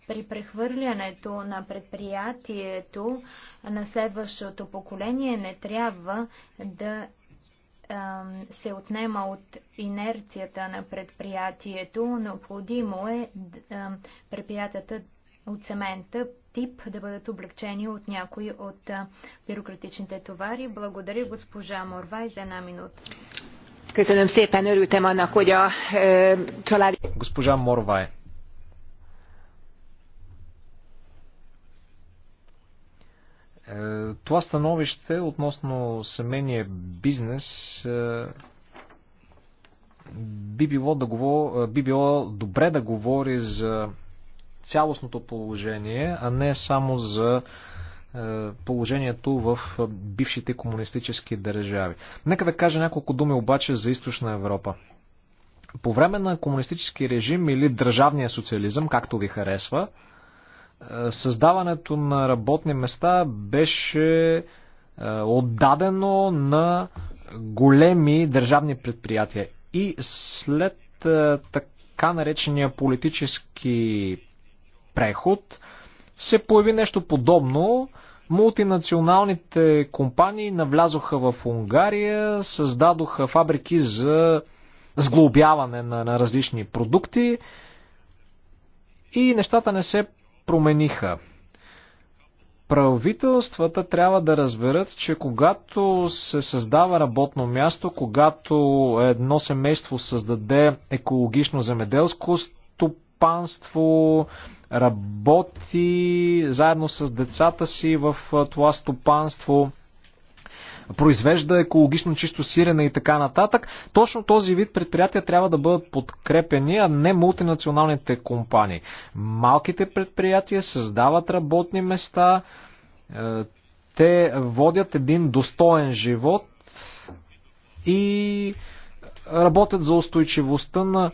При прехвърлянето на предприятието на следващото поколение не трябва да се отнема от инерцията на предприятието. Необходимо е предприятията от семента тип да бъдат облегчени от някои от бюрократичните товари. Благодаря госпожа Морвай за една минута. Госпожа Морвай. Е, това становище относно семейния бизнес е, би било, да говор... Е, би било добре да говори за цялостното положение, а не само за е, положението в бившите комунистически държави. Нека да кажа няколко думи обаче за източна Европа. По време на комунистически режим или държавния социализъм, както ви харесва, е, създаването на работни места беше е, отдадено на големи държавни предприятия. И след така наречения политически преход се появи нещо подобно. Мултинационалните компании навлязоха в Унгария, създадоха фабрики за сглобяване на, на различни продукти и нещата не се промениха. Правителствата трябва да разберат, че когато се създава работно място, когато едно семейство създаде екологично земеделско стопанство, работи заедно с децата си в това стопанство, произвежда екологично чисто сирене и така нататък. Точно този вид предприятия трябва да бъдат подкрепени, а не мултинационалните компании. Малките предприятия създават работни места, е, те водят един достоен живот и работят за устойчивостта на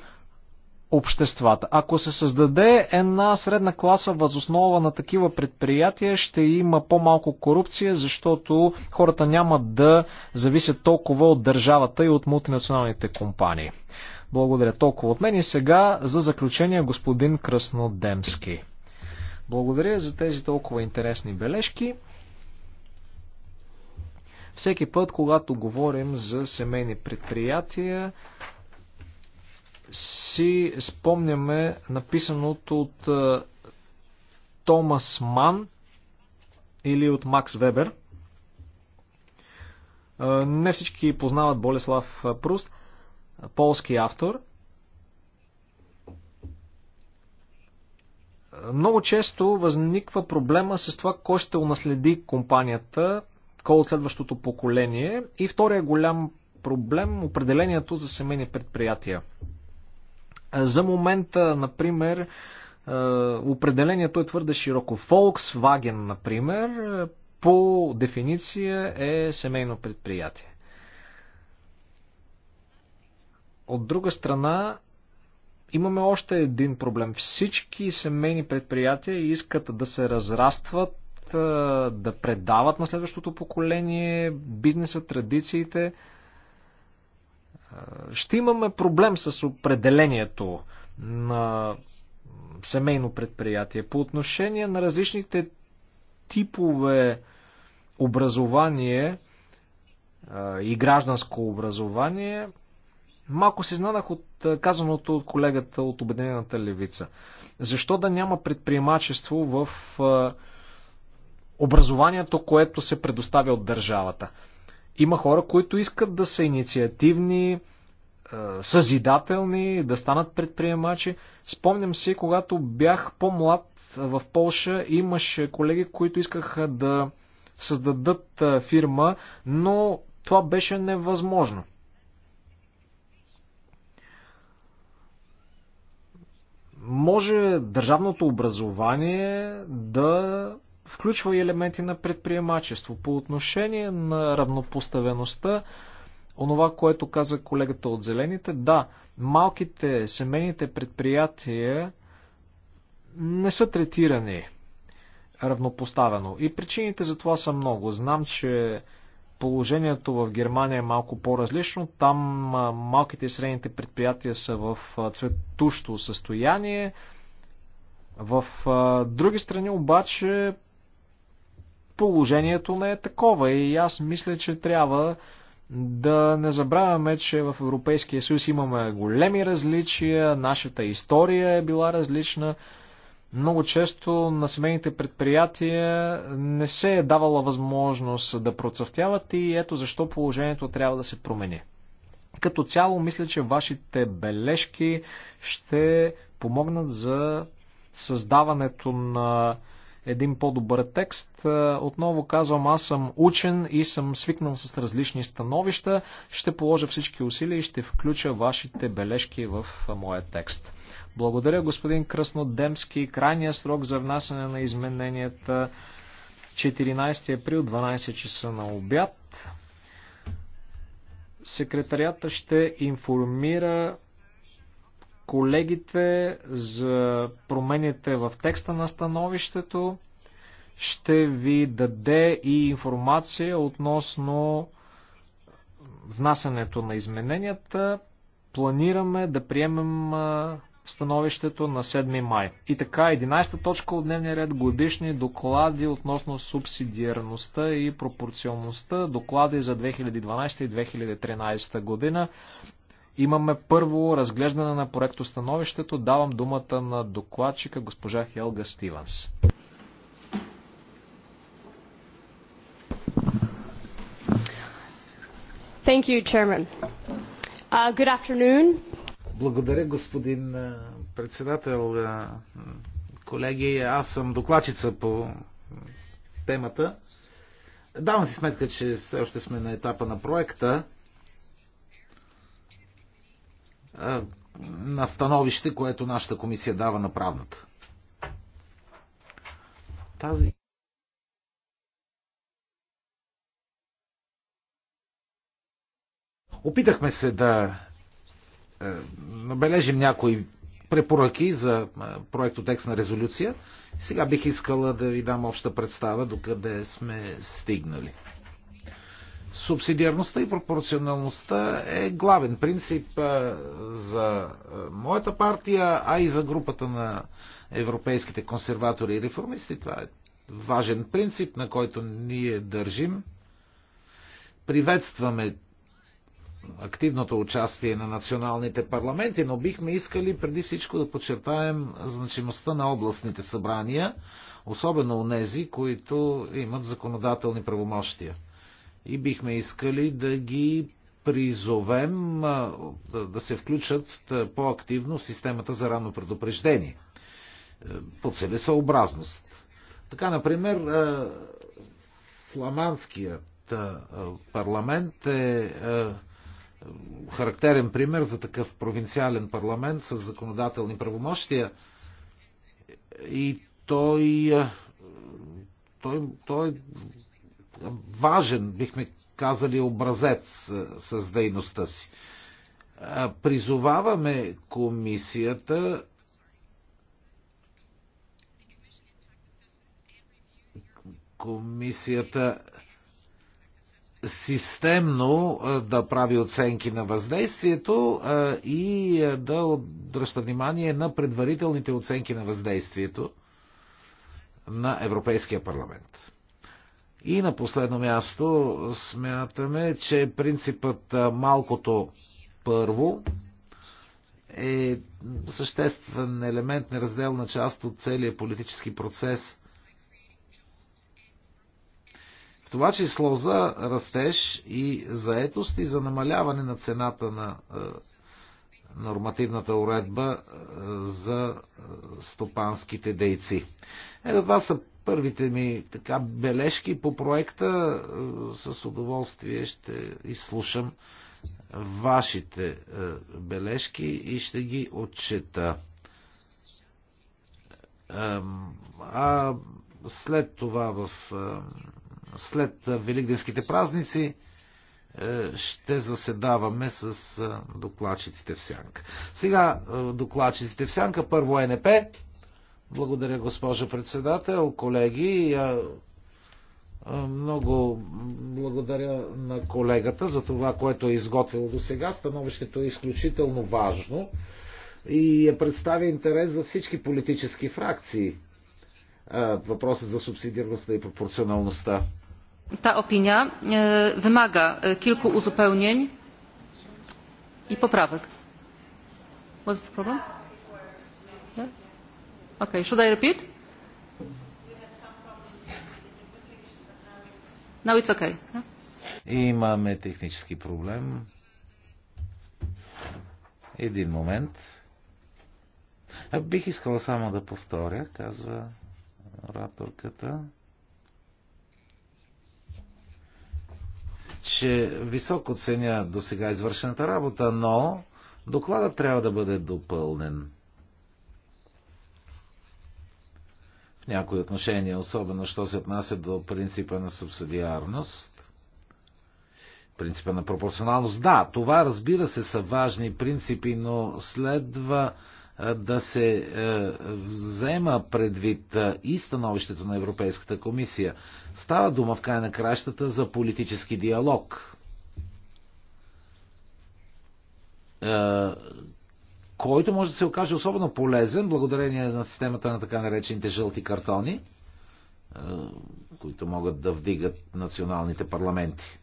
обществата. Ако се създаде една средна класа възоснова на такива предприятия, ще има по-малко корупция, защото хората няма да зависят толкова от държавата и от мултинационалните компании. Благодаря толкова от мен и сега за заключение господин Краснодемски. Благодаря за тези толкова интересни бележки. Всеки път, когато говорим за семейни предприятия, си спомняме написаното от е, Томас Ман или от Макс Вебер. Е, не всички познават Болеслав Пруст, полски автор. Много често възниква проблема с това кой ще унаследи компанията, кой от следващото поколение. И втория голям проблем определението за семейни предприятия. За момента, например, е, определението е твърде широко. Volkswagen, например, е, по дефиниция е семейно предприятие. От друга страна, имаме още един проблем. Всички семейни предприятия искат да се разрастват, е, да предават на следващото поколение бизнеса, традициите ще имаме проблем с определението на семейно предприятие. По отношение на различните типове образование и гражданско образование, малко се знанах от казаното от колегата от Обединената левица. Защо да няма предприемачество в образованието, което се предоставя от държавата? Има хора, които искат да са инициативни, е, съзидателни, да станат предприемачи. Спомням си, когато бях по-млад в Полша, имаше колеги, които искаха да създадат фирма, но това беше невъзможно. Може държавното образование да включва и елементи на предприемачество. По отношение на равнопоставеността, онова, което каза колегата от Зелените, да, малките семейните предприятия не са третирани равнопоставено. И причините за това са много. Знам, че положението в Германия е малко по-различно. Там малките и средните предприятия са в цветущо състояние. В други страни обаче положението не е такова и аз мисля, че трябва да не забравяме, че в Европейския съюз имаме големи различия, нашата история е била различна. Много често на семейните предприятия не се е давала възможност да процъфтяват и ето защо положението трябва да се промени. Като цяло, мисля, че вашите бележки ще помогнат за създаването на един по-добър текст. Е, отново казвам, аз съм учен и съм свикнал с различни становища. Ще положа всички усилия и ще включа вашите бележки в моя текст. Благодаря, господин Демски, Крайния срок за внасяне на измененията 14 април 12 часа на обяд. Секретарията ще информира колегите за промените в текста на становището. Ще ви даде и информация относно внасянето на измененията. Планираме да приемем становището на 7 май. И така, 11-та точка от дневния ред годишни доклади относно субсидиарността и пропорционността, доклади за 2012 и 2013 година. Имаме първо разглеждане на проектостановището. Давам думата на докладчика госпожа Хелга Стиванс. Thank you, Chairman. Uh, good afternoon. Благодаря, господин председател. Колеги, аз съм докладчица по темата. Давам си сметка, че все още сме на етапа на проекта. Е, на становище, което нашата комисия дава на правната. Тази Опитахме се да е, набележим някои препоръки за е, проекто текст на резолюция. Сега бих искала да ви дам обща представа докъде сме стигнали. Субсидиарността и пропорционалността е главен принцип за моята партия, а и за групата на европейските консерватори и реформисти. Това е важен принцип, на който ние държим. Приветстваме активното участие на националните парламенти, но бихме искали преди всичко да подчертаем значимостта на областните събрания, особено у нези, които имат законодателни правомощия и бихме искали да ги призовем да се включат по-активно в системата за ранно предупреждение е, по целесъобразност. Така, например, фламандският парламент е характерен пример за такъв провинциален парламент с законодателни правомощия и той, той, той важен, бихме казали, образец е, с дейността си. Е, призоваваме комисията комисията системно е, да прави оценки на въздействието и да отдръща внимание на предварителните оценки на въздействието на Европейския парламент. И на последно място смятаме, че принципът малкото първо е съществен елемент, неразделна част от целия политически процес. В това число за растеж и заетост и за намаляване на цената на нормативната уредба за стопанските дейци. Ето това са първите ми така бележки по проекта. Е, с удоволствие ще изслушам вашите е, бележки и ще ги отчета. А след това в е, след великденските празници ще заседаваме с докладчиците в сянка. Сега докладчиците в сянка, първо НП, благодаря, госпожо председател, колеги. Много благодаря на колегата за това, което е изготвил до сега. Становището е изключително важно и е представя интерес за всички политически фракции. Въпросът за субсидиарността и пропорционалността. Ta opinia wymaga kilku uzupełnień i poprawek. What's the problem? Yeah? Okay, should I repeat? Now it's okay. Имаме технически проблем. Един момент. А бих искала само да повторя, казва ораторката, че високо ценя до сега извършената работа, но докладът трябва да бъде допълнен. някои отношения, особено що се отнася до принципа на субсидиарност, принципа на пропорционалност. Да, това разбира се са важни принципи, но следва да се взема предвид и становището на Европейската комисия. Става дума в край на кращата за политически диалог, който може да се окаже особено полезен благодарение на системата на така наречените жълти картони, е, които могат да вдигат националните парламенти.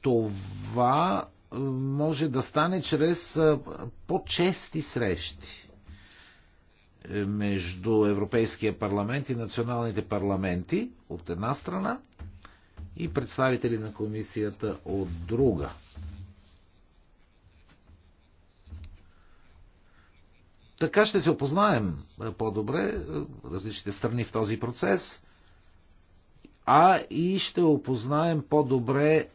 Това е, може да стане чрез е, по-чести срещи между Европейския парламент и националните парламенти от една страна и представители на комисията от друга – Така ще се опознаем е, по-добре е, различните страни в този процес, а и ще опознаем по-добре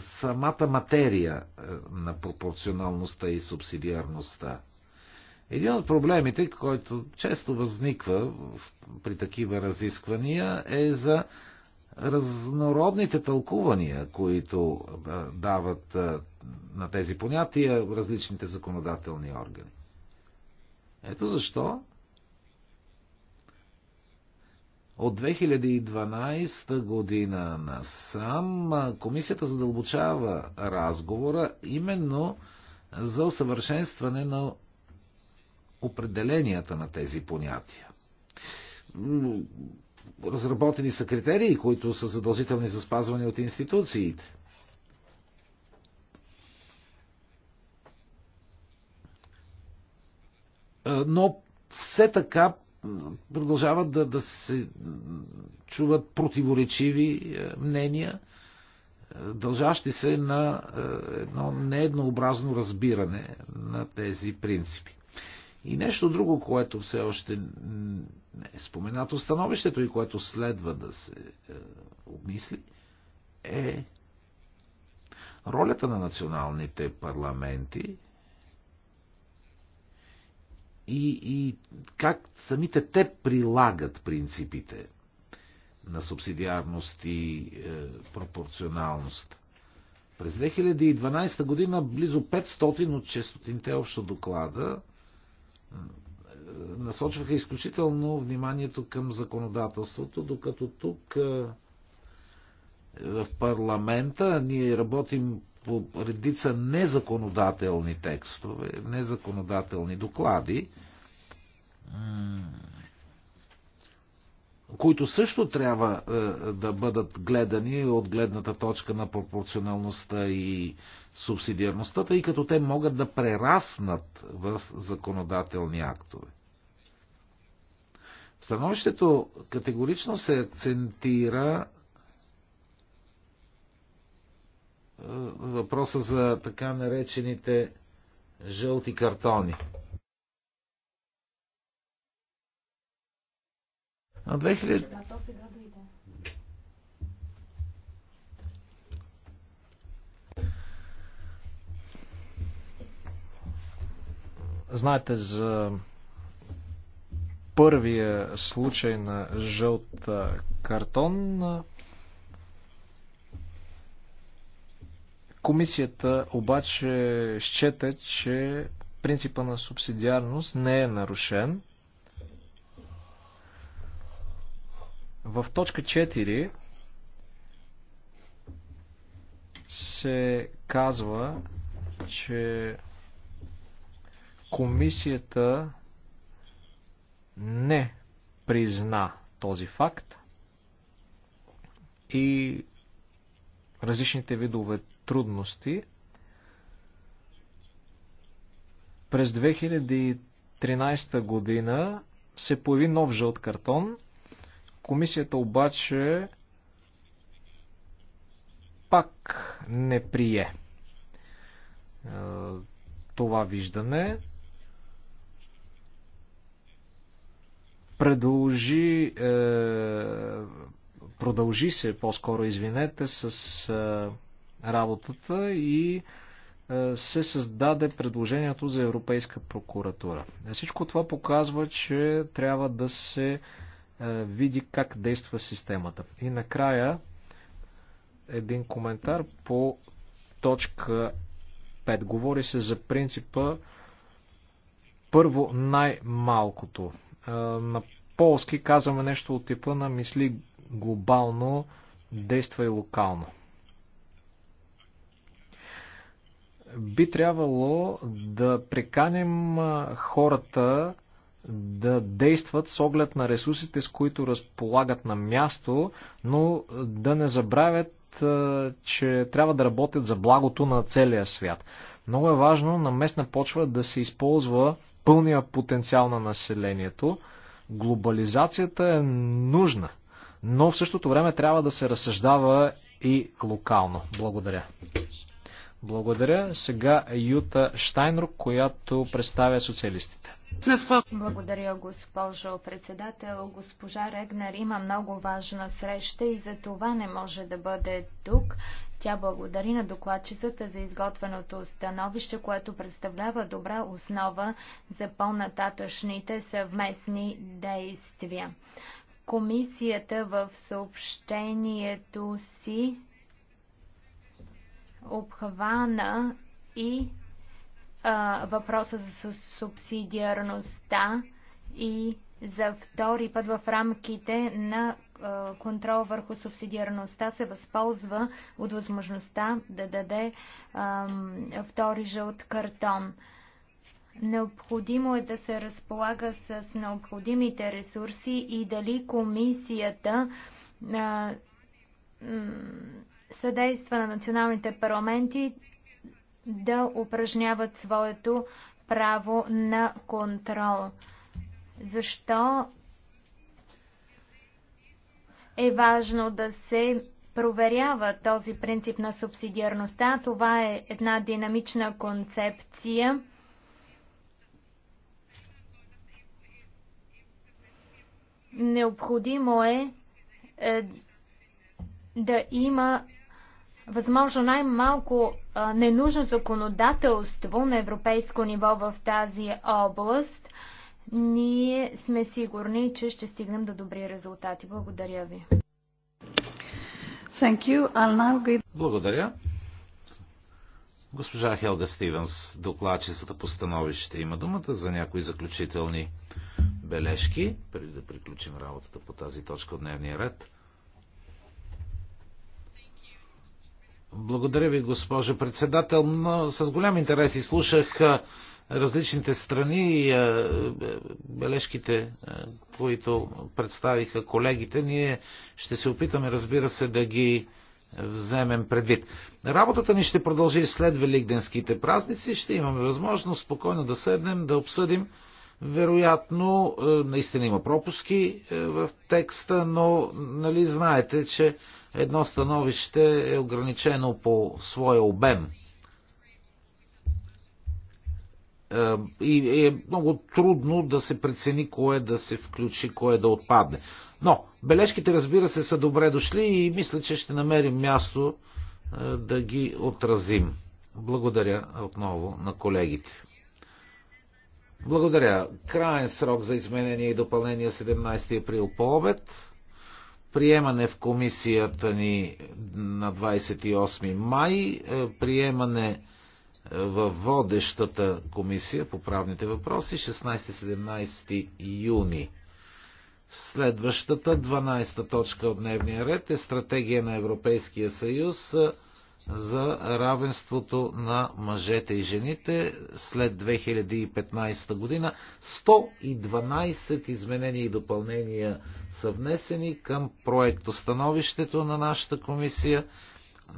самата материя е, на пропорционалността и субсидиарността. Един от проблемите, който често възниква при такива разисквания, е за разнородните тълкувания, които дават на тези понятия различните законодателни органи. Ето защо от 2012 година насам комисията задълбочава разговора именно за усъвършенстване на определенията на тези понятия. Разработени са критерии, които са задължителни за спазване от институциите. Е, но все така продължават да, да се чуват противоречиви е, мнения, е, дължащи се на едно нееднообразно разбиране на тези принципи. И нещо друго, което все още не е споменато в становището и което следва да се обмисли, е ролята на националните парламенти – и, и как самите те прилагат принципите на субсидиарност и е, пропорционалност. През 2012 година близо 500 от 600-те общо доклада е, насочваха изключително вниманието към законодателството, докато тук е, в парламента ние работим по редица незаконодателни текстове, незаконодателни доклади, които също трябва е, да бъдат гледани от гледната точка на пропорционалността и субсидиарността, тъй като те могат да прераснат в законодателни актове. В становището категорично се акцентира въпроса за така наречените жълти картони. На 2000... Знаете за първия случай на жълт картон Комисията обаче счете, че принципа на субсидиарност не е нарушен. В точка 4 се казва, че комисията не призна този факт и различните видове трудности. През 2013 година се появи нов жълт картон. Комисията обаче пак не прие е, това виждане. Предложи, е, продължи се по-скоро, извинете, с е, работата и е, се създаде предложението за Европейска прокуратура. Всичко това показва, че трябва да се е, види как действа системата. И накрая един коментар по точка 5. Говори се за принципа първо най-малкото. Е, на полски казваме нещо от типа на мисли глобално, действа и локално. би трябвало да преканем хората да действат с оглед на ресурсите, с които разполагат на място, но да не забравят, че трябва да работят за благото на целия свят. Много е важно на местна почва да се използва пълния потенциал на населението. Глобализацията е нужна, но в същото време трябва да се разсъждава и локално. Благодаря. Благодаря. Сега Юта Штайнрук, която представя социалистите. Благодаря, госпожо председател. Госпожа Регнер има много важна среща и за това не може да бъде тук. Тя благодари на докладчицата за изготвеното становище, което представлява добра основа за по-нататъчните съвместни действия. Комисията в съобщението си обхвана и а, въпроса за субсидиарността и за втори път в рамките на контрол върху субсидиарността се възползва от възможността да даде а, втори жълт картон. Необходимо е да се разполага с необходимите ресурси и дали комисията а, съдейства на националните парламенти да упражняват своето право на контрол. Защо е важно да се проверява този принцип на субсидиарността? Това е една динамична концепция. Необходимо е, е да има възможно най-малко ненужно законодателство на европейско ниво в тази област, ние сме сигурни, че ще стигнем до добри резултати. Благодаря ви. Give... Благодаря. Госпожа Хелга Стивенс, докладчицата по становище, има думата за някои заключителни бележки, преди да приключим работата по тази точка от дневния ред. Благодаря ви, госпожо председател. Но с голям интерес изслушах различните страни и бележките, които представиха колегите. Ние ще се опитаме, разбира се, да ги вземем предвид. Работата ни ще продължи след Великденските празници. Ще имаме възможност спокойно да седнем, да обсъдим. Вероятно, наистина има пропуски в текста, но нали знаете, че едно становище е ограничено по своя обем. Е, и е много трудно да се прецени кое да се включи, кое да отпадне. Но бележките, разбира се, са добре дошли и мисля, че ще намерим място е, да ги отразим. Благодаря отново на колегите. Благодаря. Краен срок за изменение и допълнение 17 април по обед приемане в комисията ни на 28 май, е, приемане е, в водещата комисия по правните въпроси 16-17 юни. Следващата 12 точка от дневния ред е стратегия на Европейския съюз е, за равенството на мъжете и жените след 2015 година. 112 изменения и допълнения са внесени към становището на нашата комисия.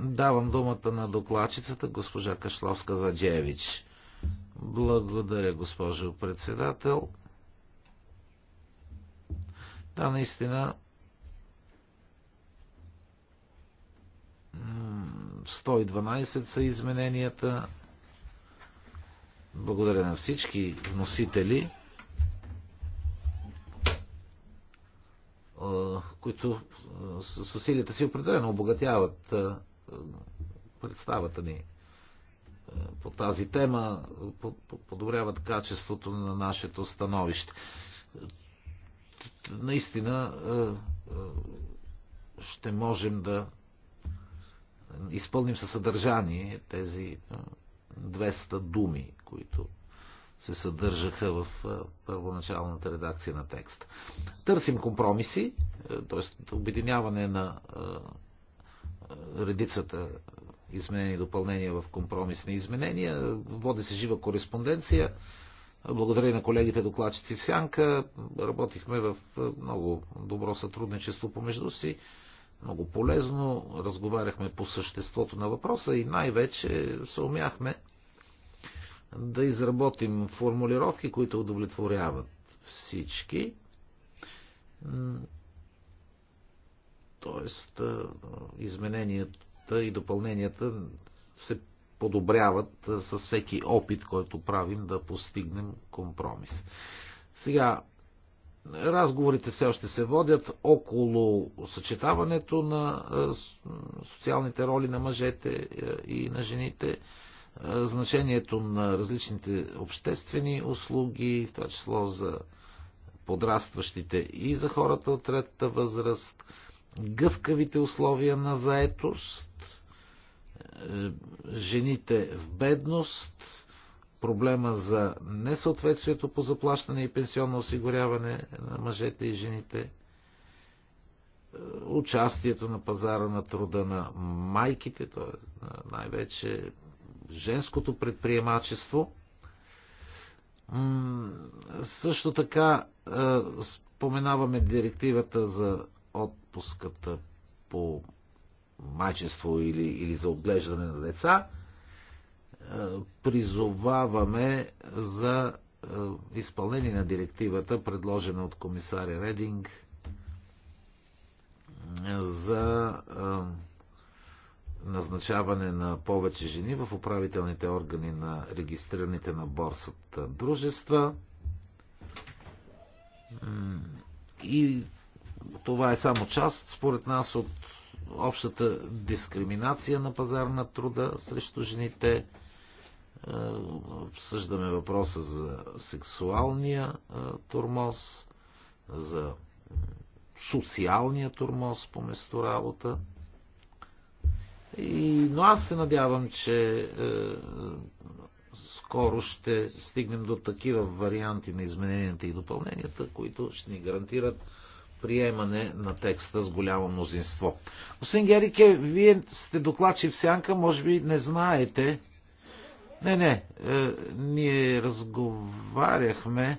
Давам думата на докладчицата госпожа Кашловска Заджевич. Благодаря, госпожо председател. Да, наистина 112 са измененията. Благодаря на всички вносители, които с усилията си определено обогатяват представата ни по тази тема, подобряват качеството на нашето становище. Наистина ще можем да изпълним със съдържание тези 200 думи, които се съдържаха в първоначалната редакция на текст. Търсим компромиси, т.е. обединяване на редицата изменения и допълнения в компромисни изменения. Води се жива кореспонденция. Благодаря на колегите докладчици в Сянка. Работихме в много добро сътрудничество помежду си много полезно, разговаряхме по съществото на въпроса и най-вече се умяхме да изработим формулировки, които удовлетворяват всички. Тоест, измененията и допълненията се подобряват с всеки опит, който правим да постигнем компромис. Сега, Разговорите все още се водят около съчетаването на социалните роли на мъжете и на жените, значението на различните обществени услуги, в това число за подрастващите и за хората от третата възраст, гъвкавите условия на заетост, жените в бедност, проблема за несъответствието по заплащане и пенсионно осигуряване на мъжете и жените, е, участието на пазара на труда на майките, т.е. най-вече женското предприемачество. Също така е, споменаваме директивата за отпуската по майчество или, или за отглеждане на деца – призоваваме за е, изпълнение на директивата, предложена от комисаря Рединг за е, назначаване на повече жени в управителните органи на регистрираните на борсата дружества. И това е само част, според нас, от общата дискриминация на пазар на труда срещу жените е, обсъждаме въпроса за сексуалния е, турмоз, за социалния турмоз по работа, И, но аз се надявам, че е, скоро ще стигнем до такива варианти на измененията и допълненията, които ще ни гарантират приемане на текста с голямо мнозинство. Господин Герике, вие сте докладчив в сянка, може би не знаете, не, не, е, ние разговаряхме.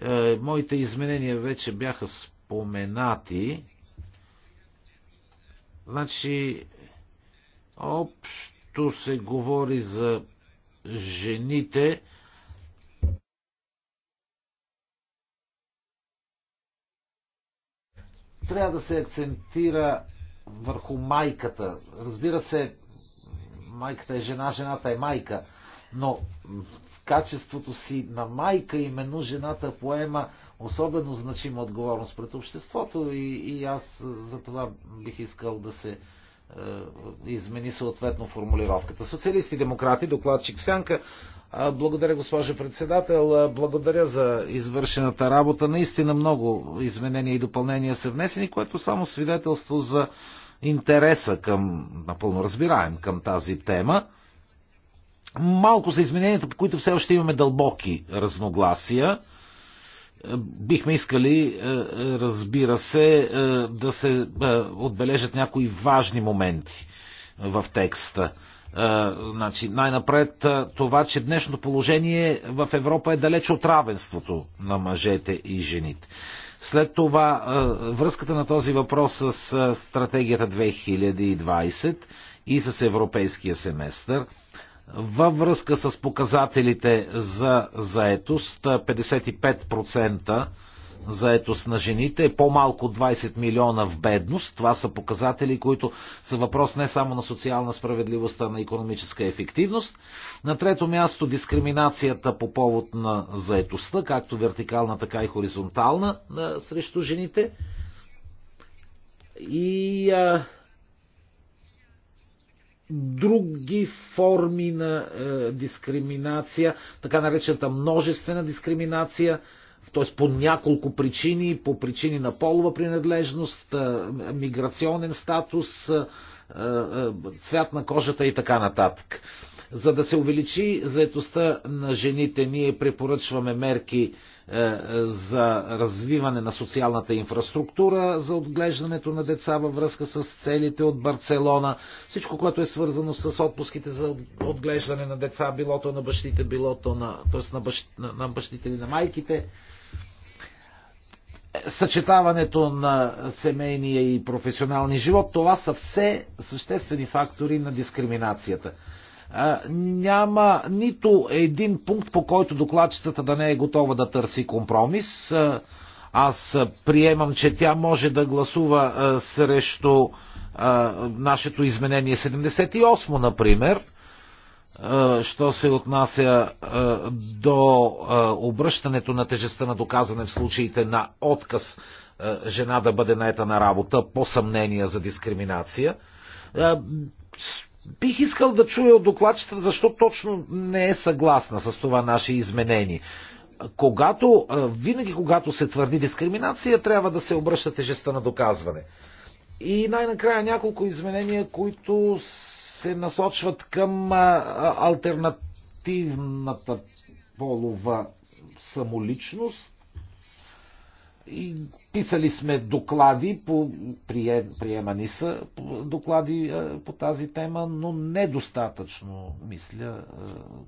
Е, моите изменения вече бяха споменати. Значи, общо се говори за жените. Трябва да се акцентира върху майката. Разбира се, майката е жена, жената е майка. Но в качеството си на майка именно жената поема особено значима отговорност пред обществото и, и аз за това бих искал да се е, измени съответно формулировката. Социалисти, демократи, докладчик Сянка. Е, благодаря, госпожо председател. Е, благодаря за извършената работа. Наистина много изменения и допълнения са внесени, което само свидетелство за интереса към, напълно разбираем, към тази тема. Малко са измененията, по които все още имаме дълбоки разногласия. Бихме искали, е, е, разбира се, е, да се отбележат някои важни моменти в текста. Значи, най-напред това, че днешното положение в Европа е далеч от равенството на мъжете и жените. След това връзката на този въпрос с стратегията 2020 и с европейския семестър. Във връзка с показателите за заетост, 55% заетост на жените е по-малко 20 милиона в бедност. Това са показатели, които са въпрос не само на социална справедливост, а на економическа ефективност. На трето място дискриминацията по повод на заетостта, както вертикална, така и хоризонтална срещу жените. И а, други форми на а, дискриминация, така наречената множествена дискриминация, т.е. по няколко причини, по причини на полова принадлежност, миграционен статус, цвят на кожата и така нататък. За да се увеличи заетостта на жените, ние препоръчваме мерки е, за развиване на социалната инфраструктура, за отглеждането на деца във връзка с целите от Барселона, всичко, което е свързано с отпуските за отглеждане на деца, билото на бащите, билото на, т.е. На, бащ, на бащите или на майките съчетаването на семейния и професионалния живот, това са все съществени фактори на дискриминацията. Няма нито един пункт, по който докладчицата да не е готова да търси компромис. Аз приемам, че тя може да гласува срещу нашето изменение 78, например, що се отнася до обръщането на тежестта на доказане в случаите на отказ жена да бъде наета на работа по съмнение за дискриминация. Бих искал да чуя от докладчета, защо точно не е съгласна с това наше изменение. Когато, винаги когато се твърди дискриминация, трябва да се обръща тежестта на доказване. И най-накрая няколко изменения, които се насочват към альтернативната полова самоличност. И писали сме доклади, по, прием, приемани са доклади по тази тема, но недостатъчно, мисля,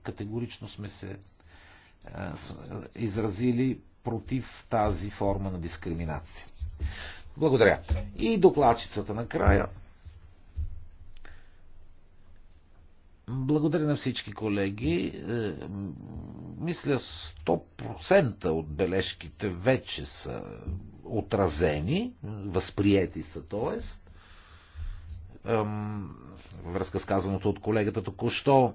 категорично сме се изразили против тази форма на дискриминация. Благодаря. И докладчицата накрая. Благодаря на всички колеги. Е, мисля, 100% от бележките вече са отразени, възприети са, т.е. връзка с казаното от колегата току-що.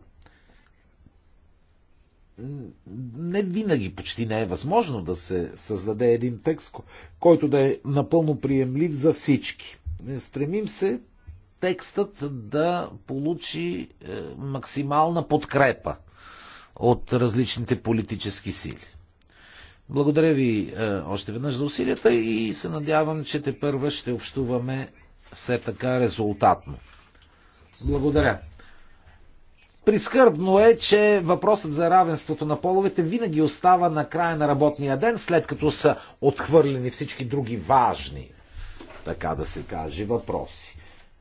Не винаги почти не е възможно да се създаде един текст, който да е напълно приемлив за всички. Стремим се текстът да получи е, максимална подкрепа от различните политически сили. Благодаря ви е, още веднъж за усилията и се надявам, че те първа ще общуваме все така резултатно. Благодаря. Прискърбно е, че въпросът за равенството на половете винаги остава на края на работния ден, след като са отхвърлени всички други важни, така да се каже, въпроси.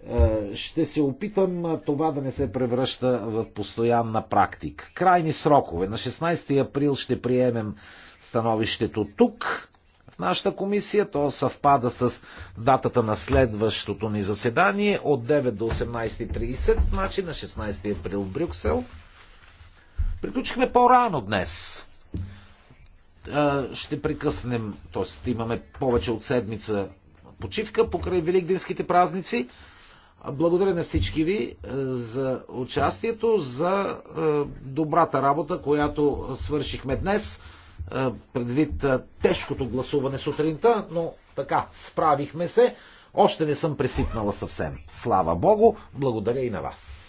Е, ще се опитам е, това да не се превръща в постоянна практика. Крайни срокове. На 16 април ще приемем становището тук, в нашата комисия. То съвпада с датата на следващото ни заседание от 9 до 18.30, значи на 16 април в Брюксел. Приключихме по-рано днес. Е, ще прекъснем, т.е. имаме повече от седмица почивка покрай великденските празници. Благодаря на всички ви е, за участието, за е, добрата работа, която свършихме днес, е, предвид тежкото гласуване сутринта, но така, справихме се. Още не съм пресипнала съвсем. Слава Богу, благодаря и на вас.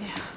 Yeah.